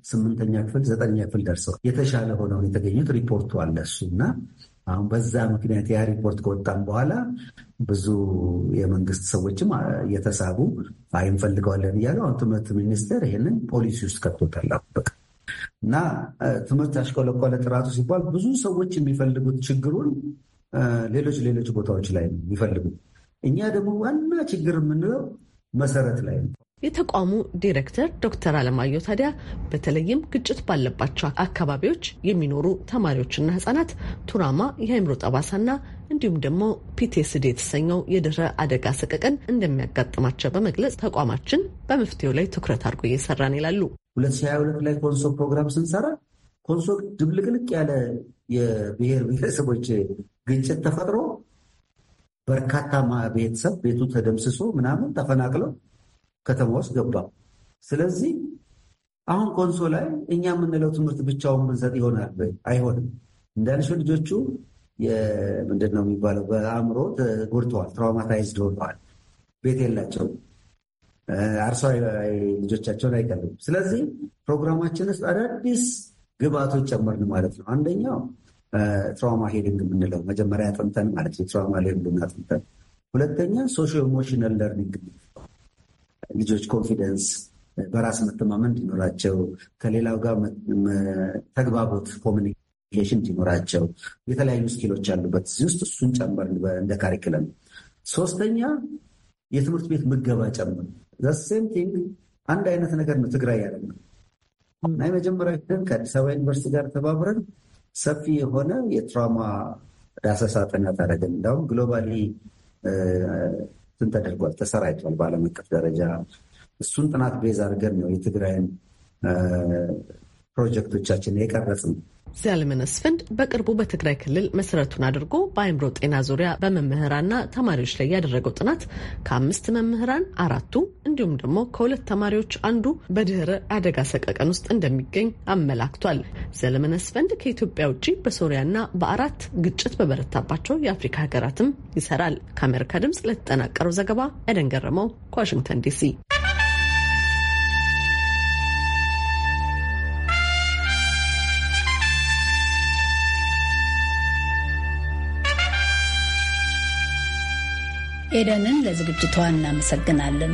ስምንተኛ ክፍል ዘጠነኛ ክፍል ደርሰው የተሻለ ሆነው የተገኙት ሪፖርቱ አለ እሱ እና አሁን በዛ ምክንያት ያ ሪፖርት ከወጣም በኋላ ብዙ የመንግስት ሰዎችም እየተሳቡ አይንፈልገዋለን እያለው አሁን ትምህርት ሚኒስቴር ይህንን ፖሊሲ ውስጥ ከቶታል። አበቃ እና ትምህርት ያሽቆለቆለ ጥራቱ ሲባል ብዙ ሰዎች የሚፈልጉት ችግሩን ሌሎች ሌሎች ቦታዎች ላይ ነው የሚፈልጉ። እኛ ደግሞ ዋና ችግር የምንለው መሰረት ላይ ነው። የተቋሙ ዲሬክተር ዶክተር አለማየሁ ታዲያ በተለይም ግጭት ባለባቸው አካባቢዎች የሚኖሩ ተማሪዎችና ህጻናት ቱራማ የአይምሮ ጠባሳና እንዲሁም ደግሞ ፒቴስድ የተሰኘው የድህረ አደጋ ሰቀቀን እንደሚያጋጥማቸው በመግለጽ ተቋማችን በመፍትሄው ላይ ትኩረት አድርጎ እየሰራን ይላሉ። 2022 ላይ ኮንሶ ፕሮግራም ስንሰራ ኮንሶ ድብልቅልቅ ያለ የብሔር ብሔረሰቦች ግጭት ተፈጥሮ በርካታ ቤተሰብ ቤቱ ተደምስሶ ምናምን ተፈናቅለው ከተማ ውስጥ ገባ። ስለዚህ አሁን ኮንሶ ላይ እኛ የምንለው ትምህርት ብቻውን ብንሰጥ ይሆናል አይሆንም። እንዳልሽው ልጆቹ ምንድን ነው የሚባለው በአእምሮ ጎድተዋል፣ ትራውማታይዝድ ሆነዋል። ቤት የላቸው አርሶ ልጆቻቸውን አይቀልም። ስለዚህ ፕሮግራማችን ውስጥ አዳዲስ ግብአቶች ጨመርን ማለት ነው። አንደኛው ትራውማ ሄሊንግ የምንለው መጀመሪያ አጥንተን ማለት የትራውማ ሌብሉን አጥንተን፣ ሁለተኛ ሶሽ ኢሞሽናል ለርኒንግ ልጆች ኮንፊደንስ በራስ መተማመን እንዲኖራቸው ከሌላው ጋር ተግባቦት ኮሚኒኬሽን እንዲኖራቸው የተለያዩ ስኪሎች አሉበት እዚህ ውስጥ እሱን ጨምበር እንደ ካሪክለም። ሶስተኛ የትምህርት ቤት ምገባ ጨምር ዘሴም ቲንግ አንድ አይነት ነገር ነው። ትግራይ ያለ እና የመጀመሪያ ክፍል ከአዲስ አበባ ዩኒቨርሲቲ ጋር ተባብረን ሰፊ የሆነ የትራውማ ዳሰሳ ጥናት አደረግን። እንዲሁም ግሎባሊ ተደርጓል፣ ተሰራይቷል በዓለም አቀፍ ደረጃ። እሱን ጥናት ቤዝ አድርገን ነው የትግራይን ፕሮጀክቶቻችን የቀረጽም። ነው። ዘልመነስ በቅርቡ በትግራይ ክልል መሰረቱን አድርጎ በአእምሮ ጤና ዙሪያ በመምህራንና ተማሪዎች ላይ ያደረገው ጥናት ከአምስት መምህራን አራቱ እንዲሁም ደግሞ ከሁለት ተማሪዎች አንዱ በድህረ አደጋ ሰቀቀን ውስጥ እንደሚገኝ አመላክቷል። ዘለመን ስፈንድ ከኢትዮጵያ ውጭ በሶሪያና በአራት ግጭት በበረታባቸው የአፍሪካ ሀገራትም ይሰራል። ከአሜሪካ ድምፅ ለተጠናቀረው ዘገባ ኤደን ገረመው ከዋሽንግተን ዲሲ። ኤደንን ለዝግጅቷ እናመሰግናለን።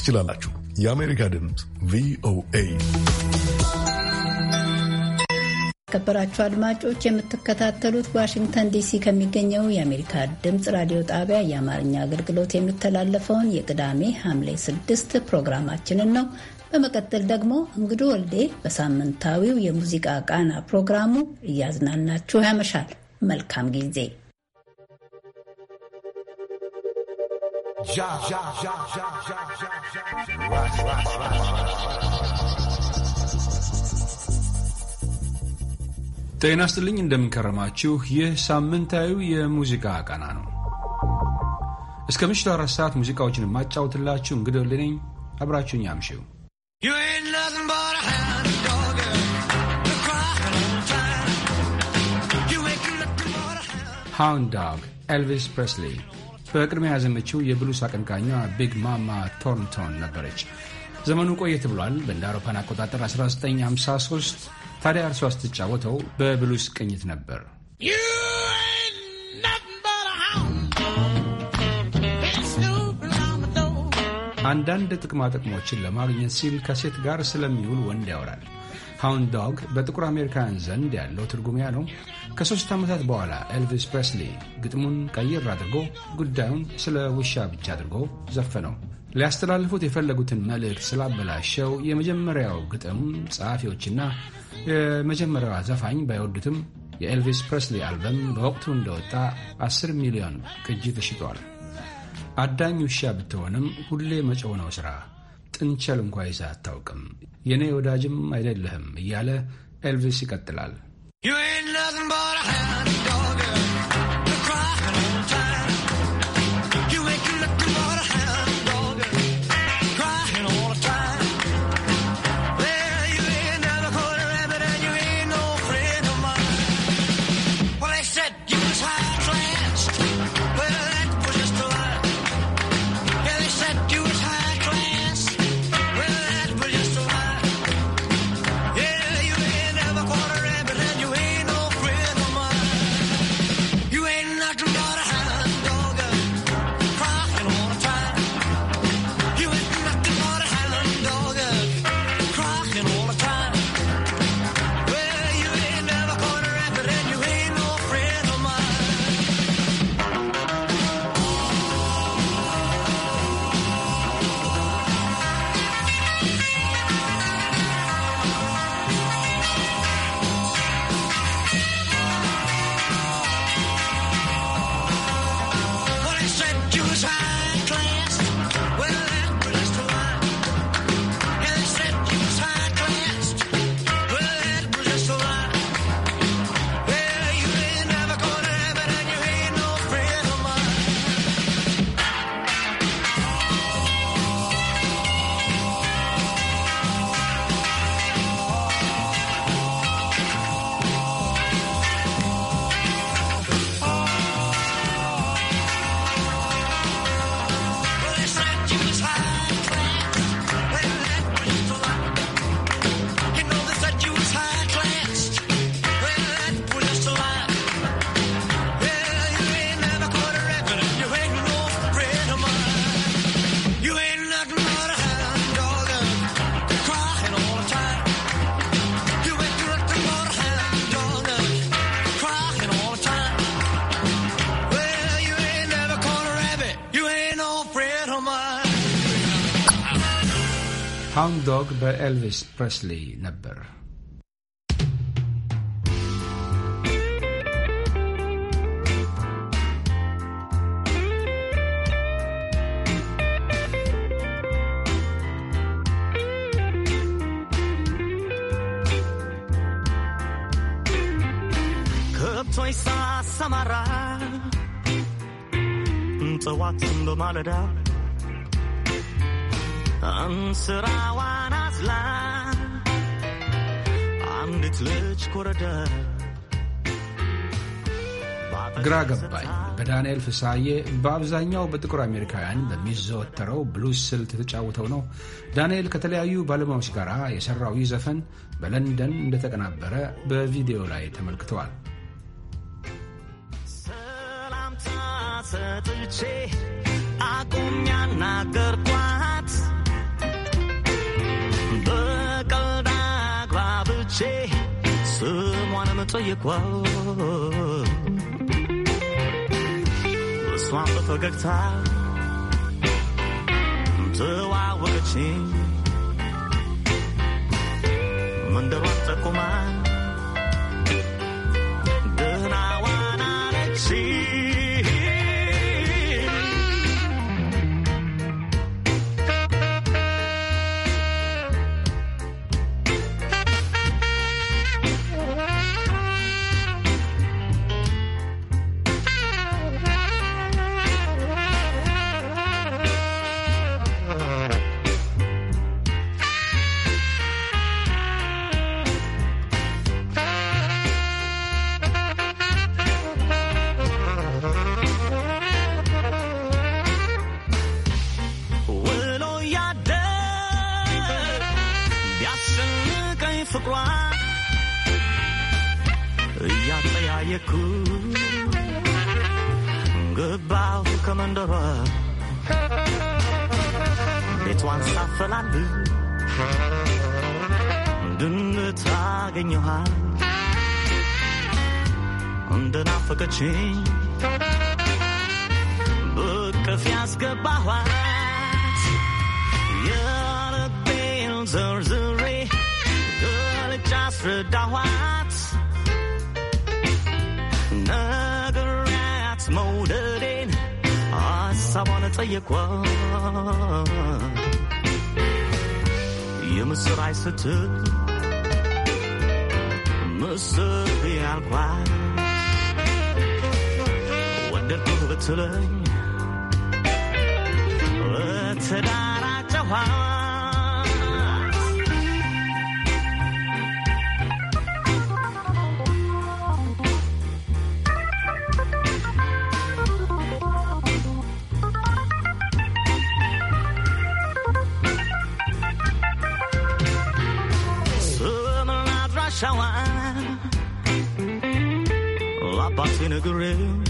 ትችላላችሁ። የአሜሪካ ድምፅ ቪኦኤ ከበራችሁ አድማጮች የምትከታተሉት ዋሽንግተን ዲሲ ከሚገኘው የአሜሪካ ድምፅ ራዲዮ ጣቢያ የአማርኛ አገልግሎት የሚተላለፈውን የቅዳሜ ሐምሌ 6 ፕሮግራማችንን ነው። በመቀጠል ደግሞ እንግዱ ወልዴ በሳምንታዊው የሙዚቃ ቃና ፕሮግራሙ እያዝናናችሁ ያመሻል። መልካም ጊዜ። Já, já, já, já, já, já, já. Rock, rock, rock, ጤና ስጥልኝ እንደምንከረማችሁ። ይህ ሳምንታዊ የሙዚቃ ቃና ነው። እስከ ምሽቱ አራት ሰዓት ሙዚቃዎችን የማጫወትላችሁ እንግዲህ ልነኝ። አብራችሁኝ አምሽው። ሃውንድ ዶግ ኤልቪስ ፕሬስሊ በቅድሚያ ያዘመችው የብሉስ አቀንቃኟ ቢግ ማማ ቶርንቶን ነበረች። ዘመኑ ቆየት ብሏል። በእንደ አውሮፓን አቆጣጠር 1953 ታዲያ እርሷ ስትጫወተው በብሉስ ቅኝት ነበር። አንዳንድ ጥቅማ ጥቅሞችን ለማግኘት ሲል ከሴት ጋር ስለሚውል ወንድ ያወራል። ሃውንድ ዶግ በጥቁር አሜሪካውያን ዘንድ ያለው ትርጉሚያ ነው። ከሦስት ዓመታት በኋላ ኤልቪስ ፕሬስሊ ግጥሙን ቀይር አድርጎ ጉዳዩን ስለ ውሻ ብቻ አድርጎ ዘፈነው። ሊያስተላልፉት የፈለጉትን መልእክት ስላበላሸው የመጀመሪያው ግጥም ጸሐፊዎችና የመጀመሪያዋ ዘፋኝ ባይወዱትም የኤልቪስ ፕሬስሊ አልበም በወቅቱ እንደወጣ 10 ሚሊዮን ቅጂ ተሽጧል። አዳኝ ውሻ ብትሆንም ሁሌ መጮው ነው ሥራ፣ ጥንቸል እንኳ ይዘህ አታውቅም፣ የእኔ ወዳጅም አይደለህም እያለ ኤልቪስ ይቀጥላል። You ain't nothing but a hound. በኤልቪስ ፕሬስሊ ነበር። ቶይሳ ሰማራ ጠዋትን በማለዳ እንስራዋ ይመስላል አንዲት ልጅ ግራ ገባኝ በዳንኤል ፍሳዬ በአብዛኛው በጥቁር አሜሪካውያን በሚዘወተረው ብሉዝ ስልት የተጫወተው ነው። ዳንኤል ከተለያዩ ባለሙያዎች ጋር የሰራው ይህ ዘፈን በለንደን እንደተቀናበረ በቪዲዮ ላይ ተመልክተዋል። ሰላምታ ሰጥቼ አቁሚያ ናገርኳ ገብቼ ስሟንም ጠየኳው እሷን በፈገግታ ተዋወቀችኝ መንደሯን ጠቁማ ስቅሏ እያጠያየኩ ግባው ከመንደሯ ቤቷን ሳፈላል ድንት አገኘኋል እንደናፈቀችኝ በቅፍ ያስገባኋት fördahat ነገራት መውደዴን ሐሳቧን ጠየኳት የምስራች ስትል ምስር ያልኳት ወደድኩህ ብትለኝ ትዳራጨኋ greu.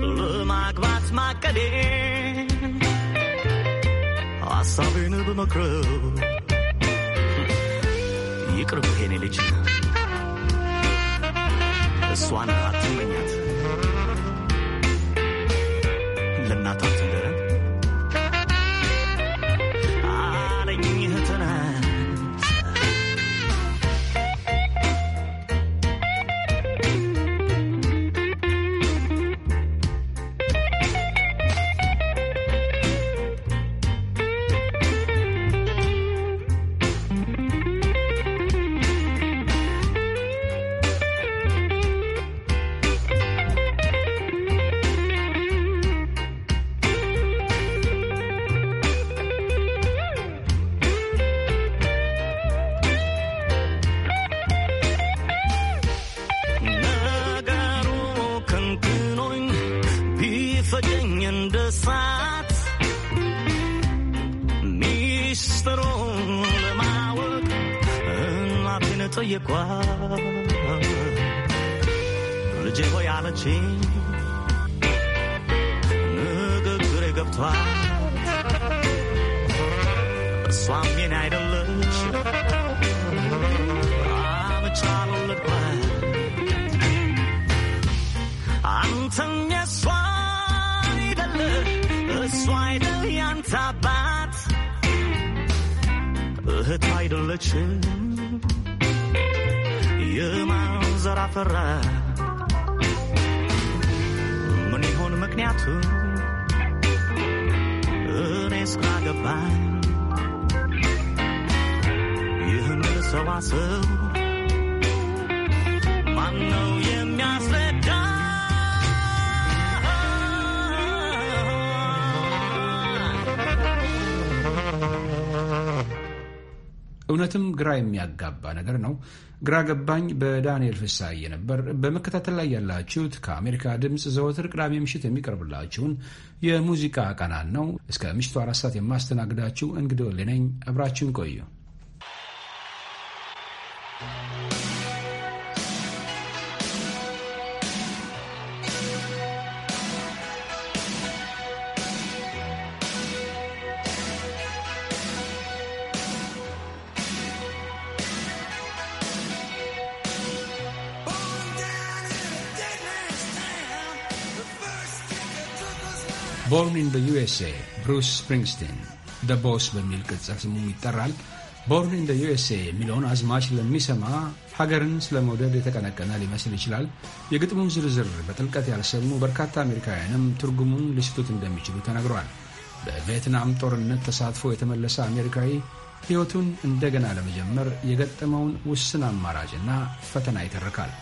Lőmákvác már kedén, a szavőnőbb makrő. ይቅርብ ሄኔ ልጅ እሷን አትመኝ ግራ የሚያጋባ ነገር ነው። ግራ ገባኝ። በዳንኤል ፍሳዬ ነበር በመከታተል ላይ ያላችሁት። ከአሜሪካ ድምፅ ዘወትር ቅዳሜ ምሽት የሚቀርብላችሁን የሙዚቃ ቀናን ነው። እስከ ምሽቱ አራት ሰዓት የማስተናግዳችሁ እንግዲህ ወሌ ነኝ። አብራችሁን ቆዩ። ቦርን ኢን ዩኤስኤ ብሩስ ስፕሪንግስቲን ደ ቦስ በሚል ቅጽል ስሙ ይጠራል። ቦርን ኢን ዩኤስኤ የሚለውን አዝማች ለሚሰማ ሀገርን ስለ መውደድ የተቀነቀነ ሊመስል ይችላል። የግጥሙን ዝርዝር በጥልቀት ያልሰሙ በርካታ አሜሪካውያንም ትርጉሙን ሊስቱት እንደሚችሉ ተነግሯል። በቪየትናም ጦርነት ተሳትፎ የተመለሰ አሜሪካዊ ሕይወቱን እንደገና ለመጀመር የገጠመውን ውስን አማራጭና ፈተና ይተርካል።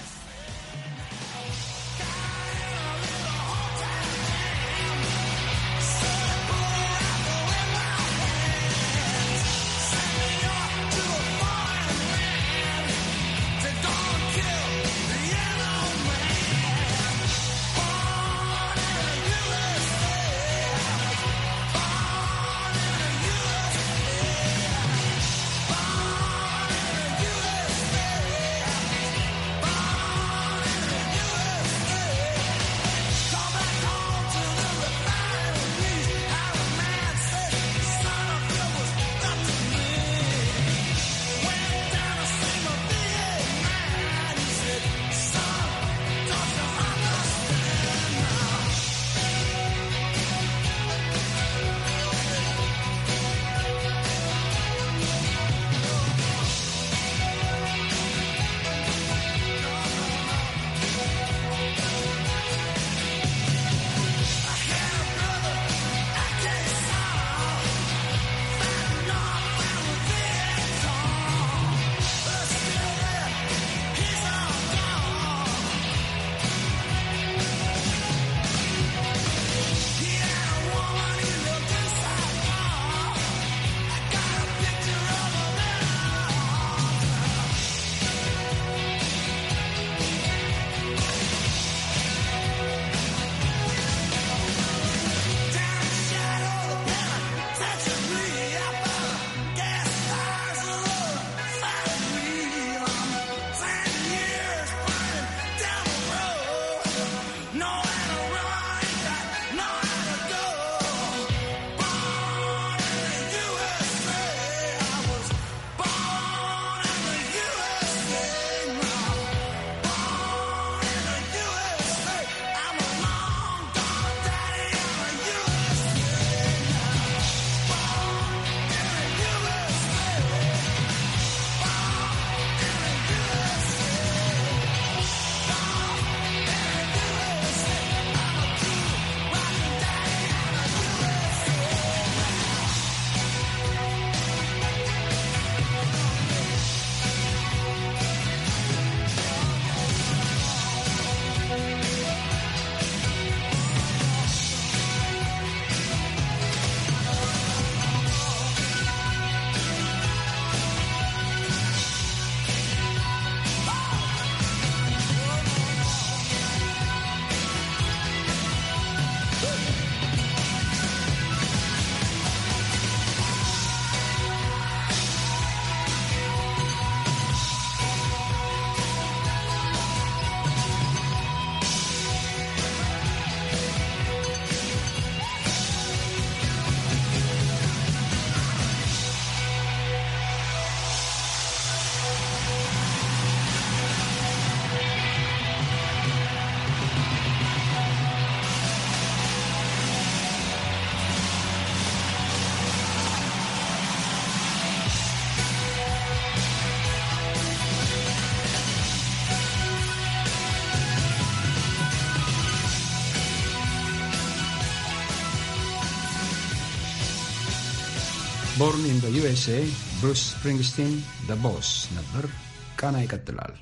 ዩኤስኤ ብሩስ ስፕሪንግስቲን ደ ቦስ ነበር። ቃና ይቀጥላል።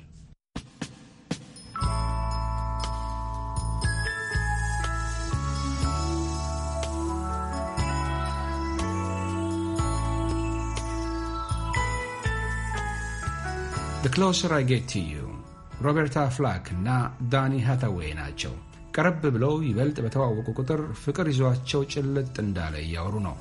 The closer I get to you, ሮቤርታ ፍላክ እና ዳኒ ሃታዌይ ናቸው። ቀረብ ብለው ይበልጥ በተዋወቁ ቁጥር ፍቅር ይዟቸው ጭልጥ እንዳለ እያወሩ ነው።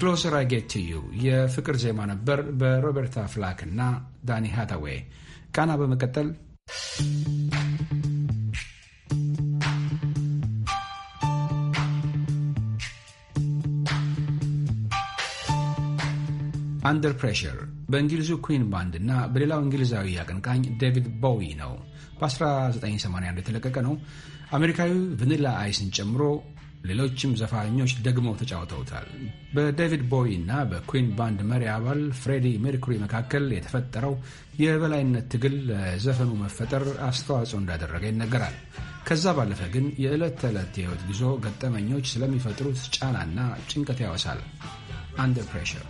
ክሎሰር አይ ጌት ቱ ዩ የፍቅር ዜማ ነበር በሮበርታ ፍላክ እና ዳኒ ሃታዌይ። ቃና በመቀጠል አንደር ፕሬሽር በእንግሊዙ ኩዊን ባንድ እና በሌላው እንግሊዛዊ አቀንቃኝ ዴቪድ ቦዊ ነው። በ1981 የተለቀቀ ነው። አሜሪካዊ ቪኒላ አይስን ጨምሮ ሌሎችም ዘፋኞች ደግመው ተጫውተውታል። በዴቪድ ቦዊ እና በኩዊን ባንድ መሪ አባል ፍሬዲ ሜርኩሪ መካከል የተፈጠረው የበላይነት ትግል ለዘፈኑ መፈጠር አስተዋጽኦ እንዳደረገ ይነገራል። ከዛ ባለፈ ግን የዕለት ተዕለት የሕይወት ጉዞ ገጠመኞች ስለሚፈጥሩት ጫናና ጭንቀት ያወሳል። አንደር ፕሬሽር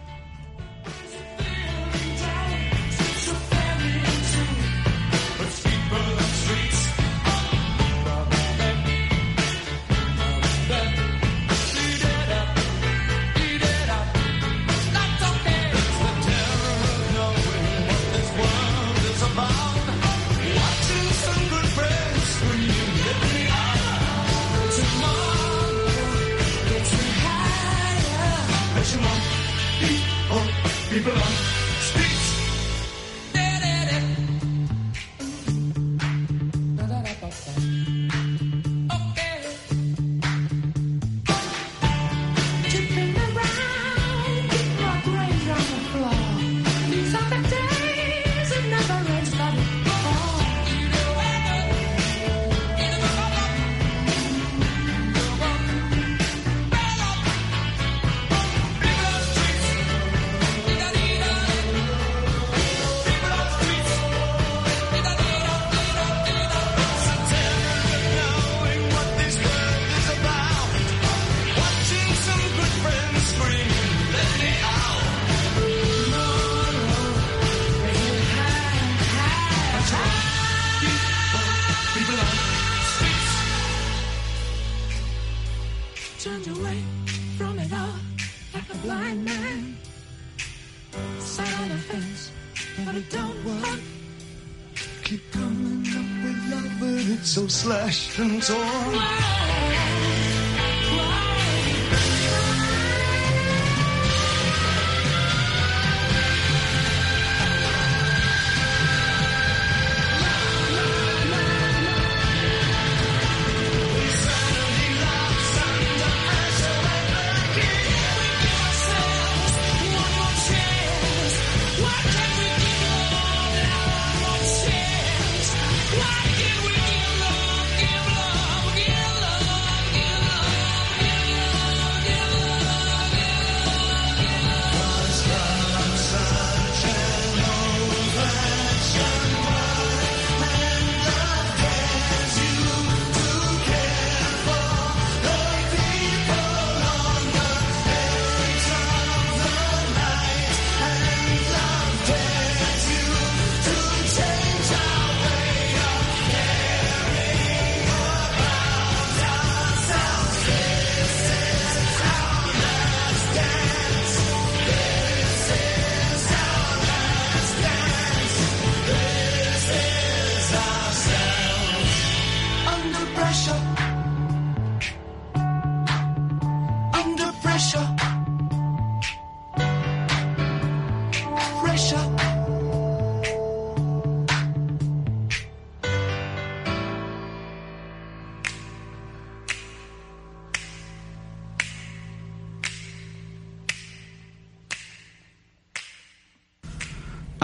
人生中。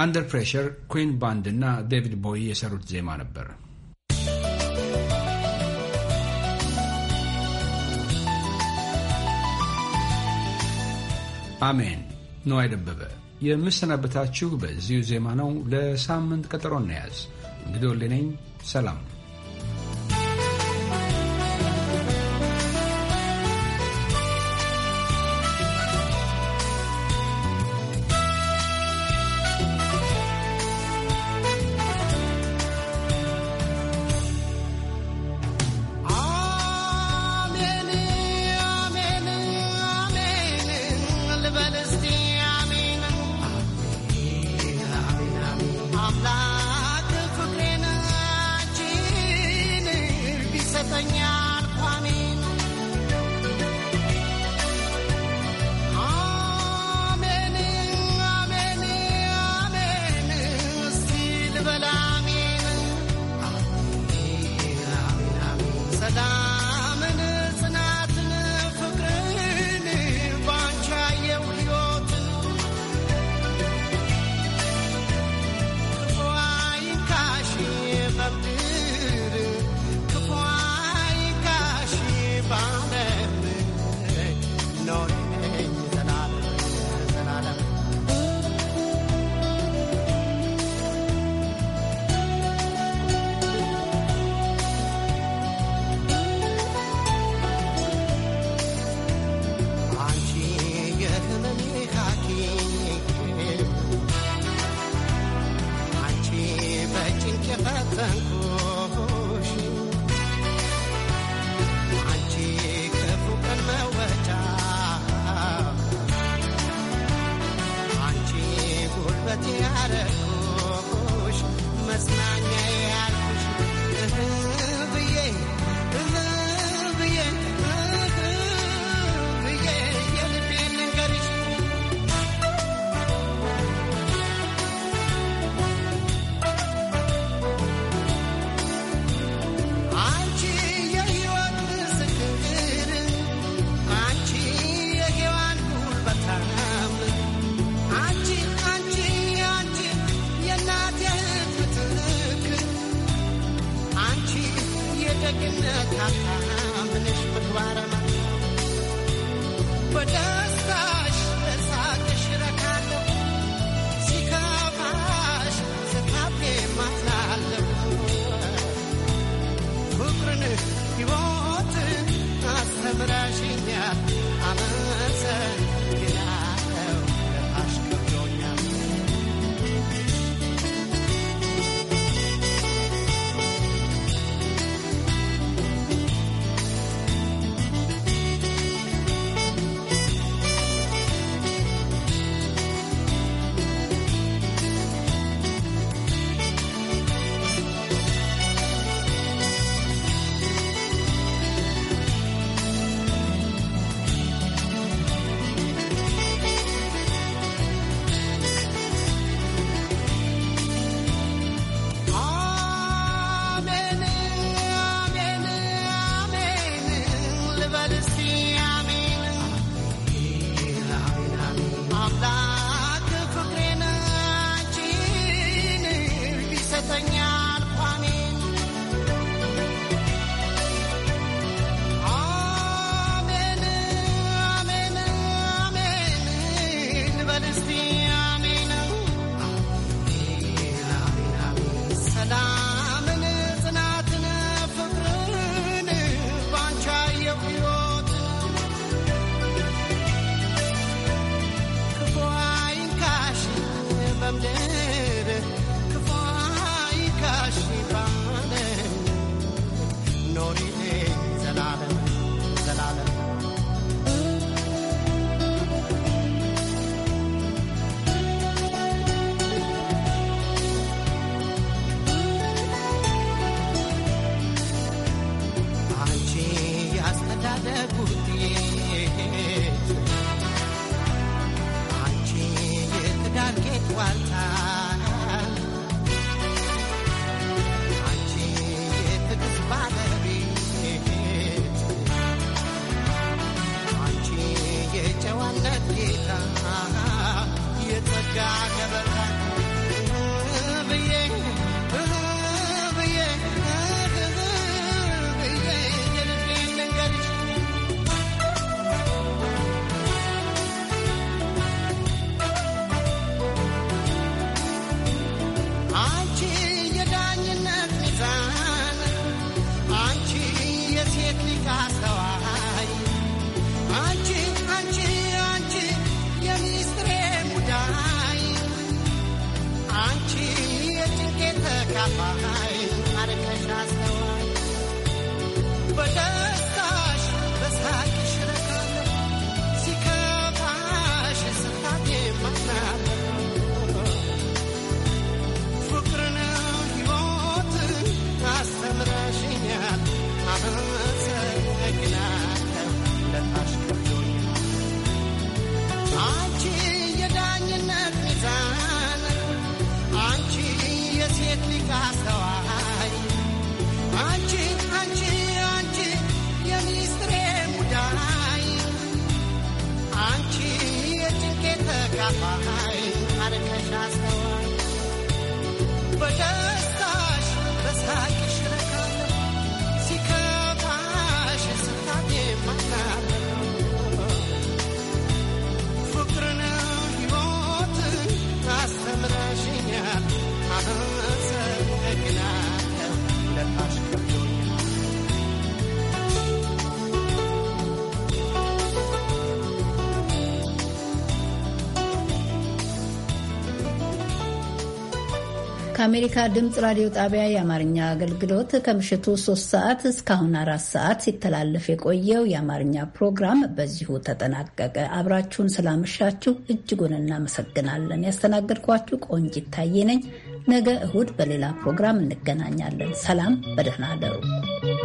አንደር ፕሬሸር ኩዊን ባንድ እና ዴቪድ ቦይ የሰሩት ዜማ ነበር። አሜን ነው አይደበበ የምሰናበታችሁ በዚሁ ዜማ ነው። ለሳምንት ቀጠሮ እናያዝ። እንግዲህ ሰላም me matan ፀሐይ አርከሻስተዋል I ከአሜሪካ ድምፅ ራዲዮ ጣቢያ የአማርኛ አገልግሎት ከምሽቱ ሶስት ሰዓት እስካሁን አራት ሰዓት ሲተላለፍ የቆየው የአማርኛ ፕሮግራም በዚሁ ተጠናቀቀ። አብራችሁን ስላመሻችሁ እጅጉን እናመሰግናለን። ያስተናገድኳችሁ ቆንጅ ይታየ ነኝ። ነገ እሁድ በሌላ ፕሮግራም እንገናኛለን። ሰላም፣ በደህና አደሩ።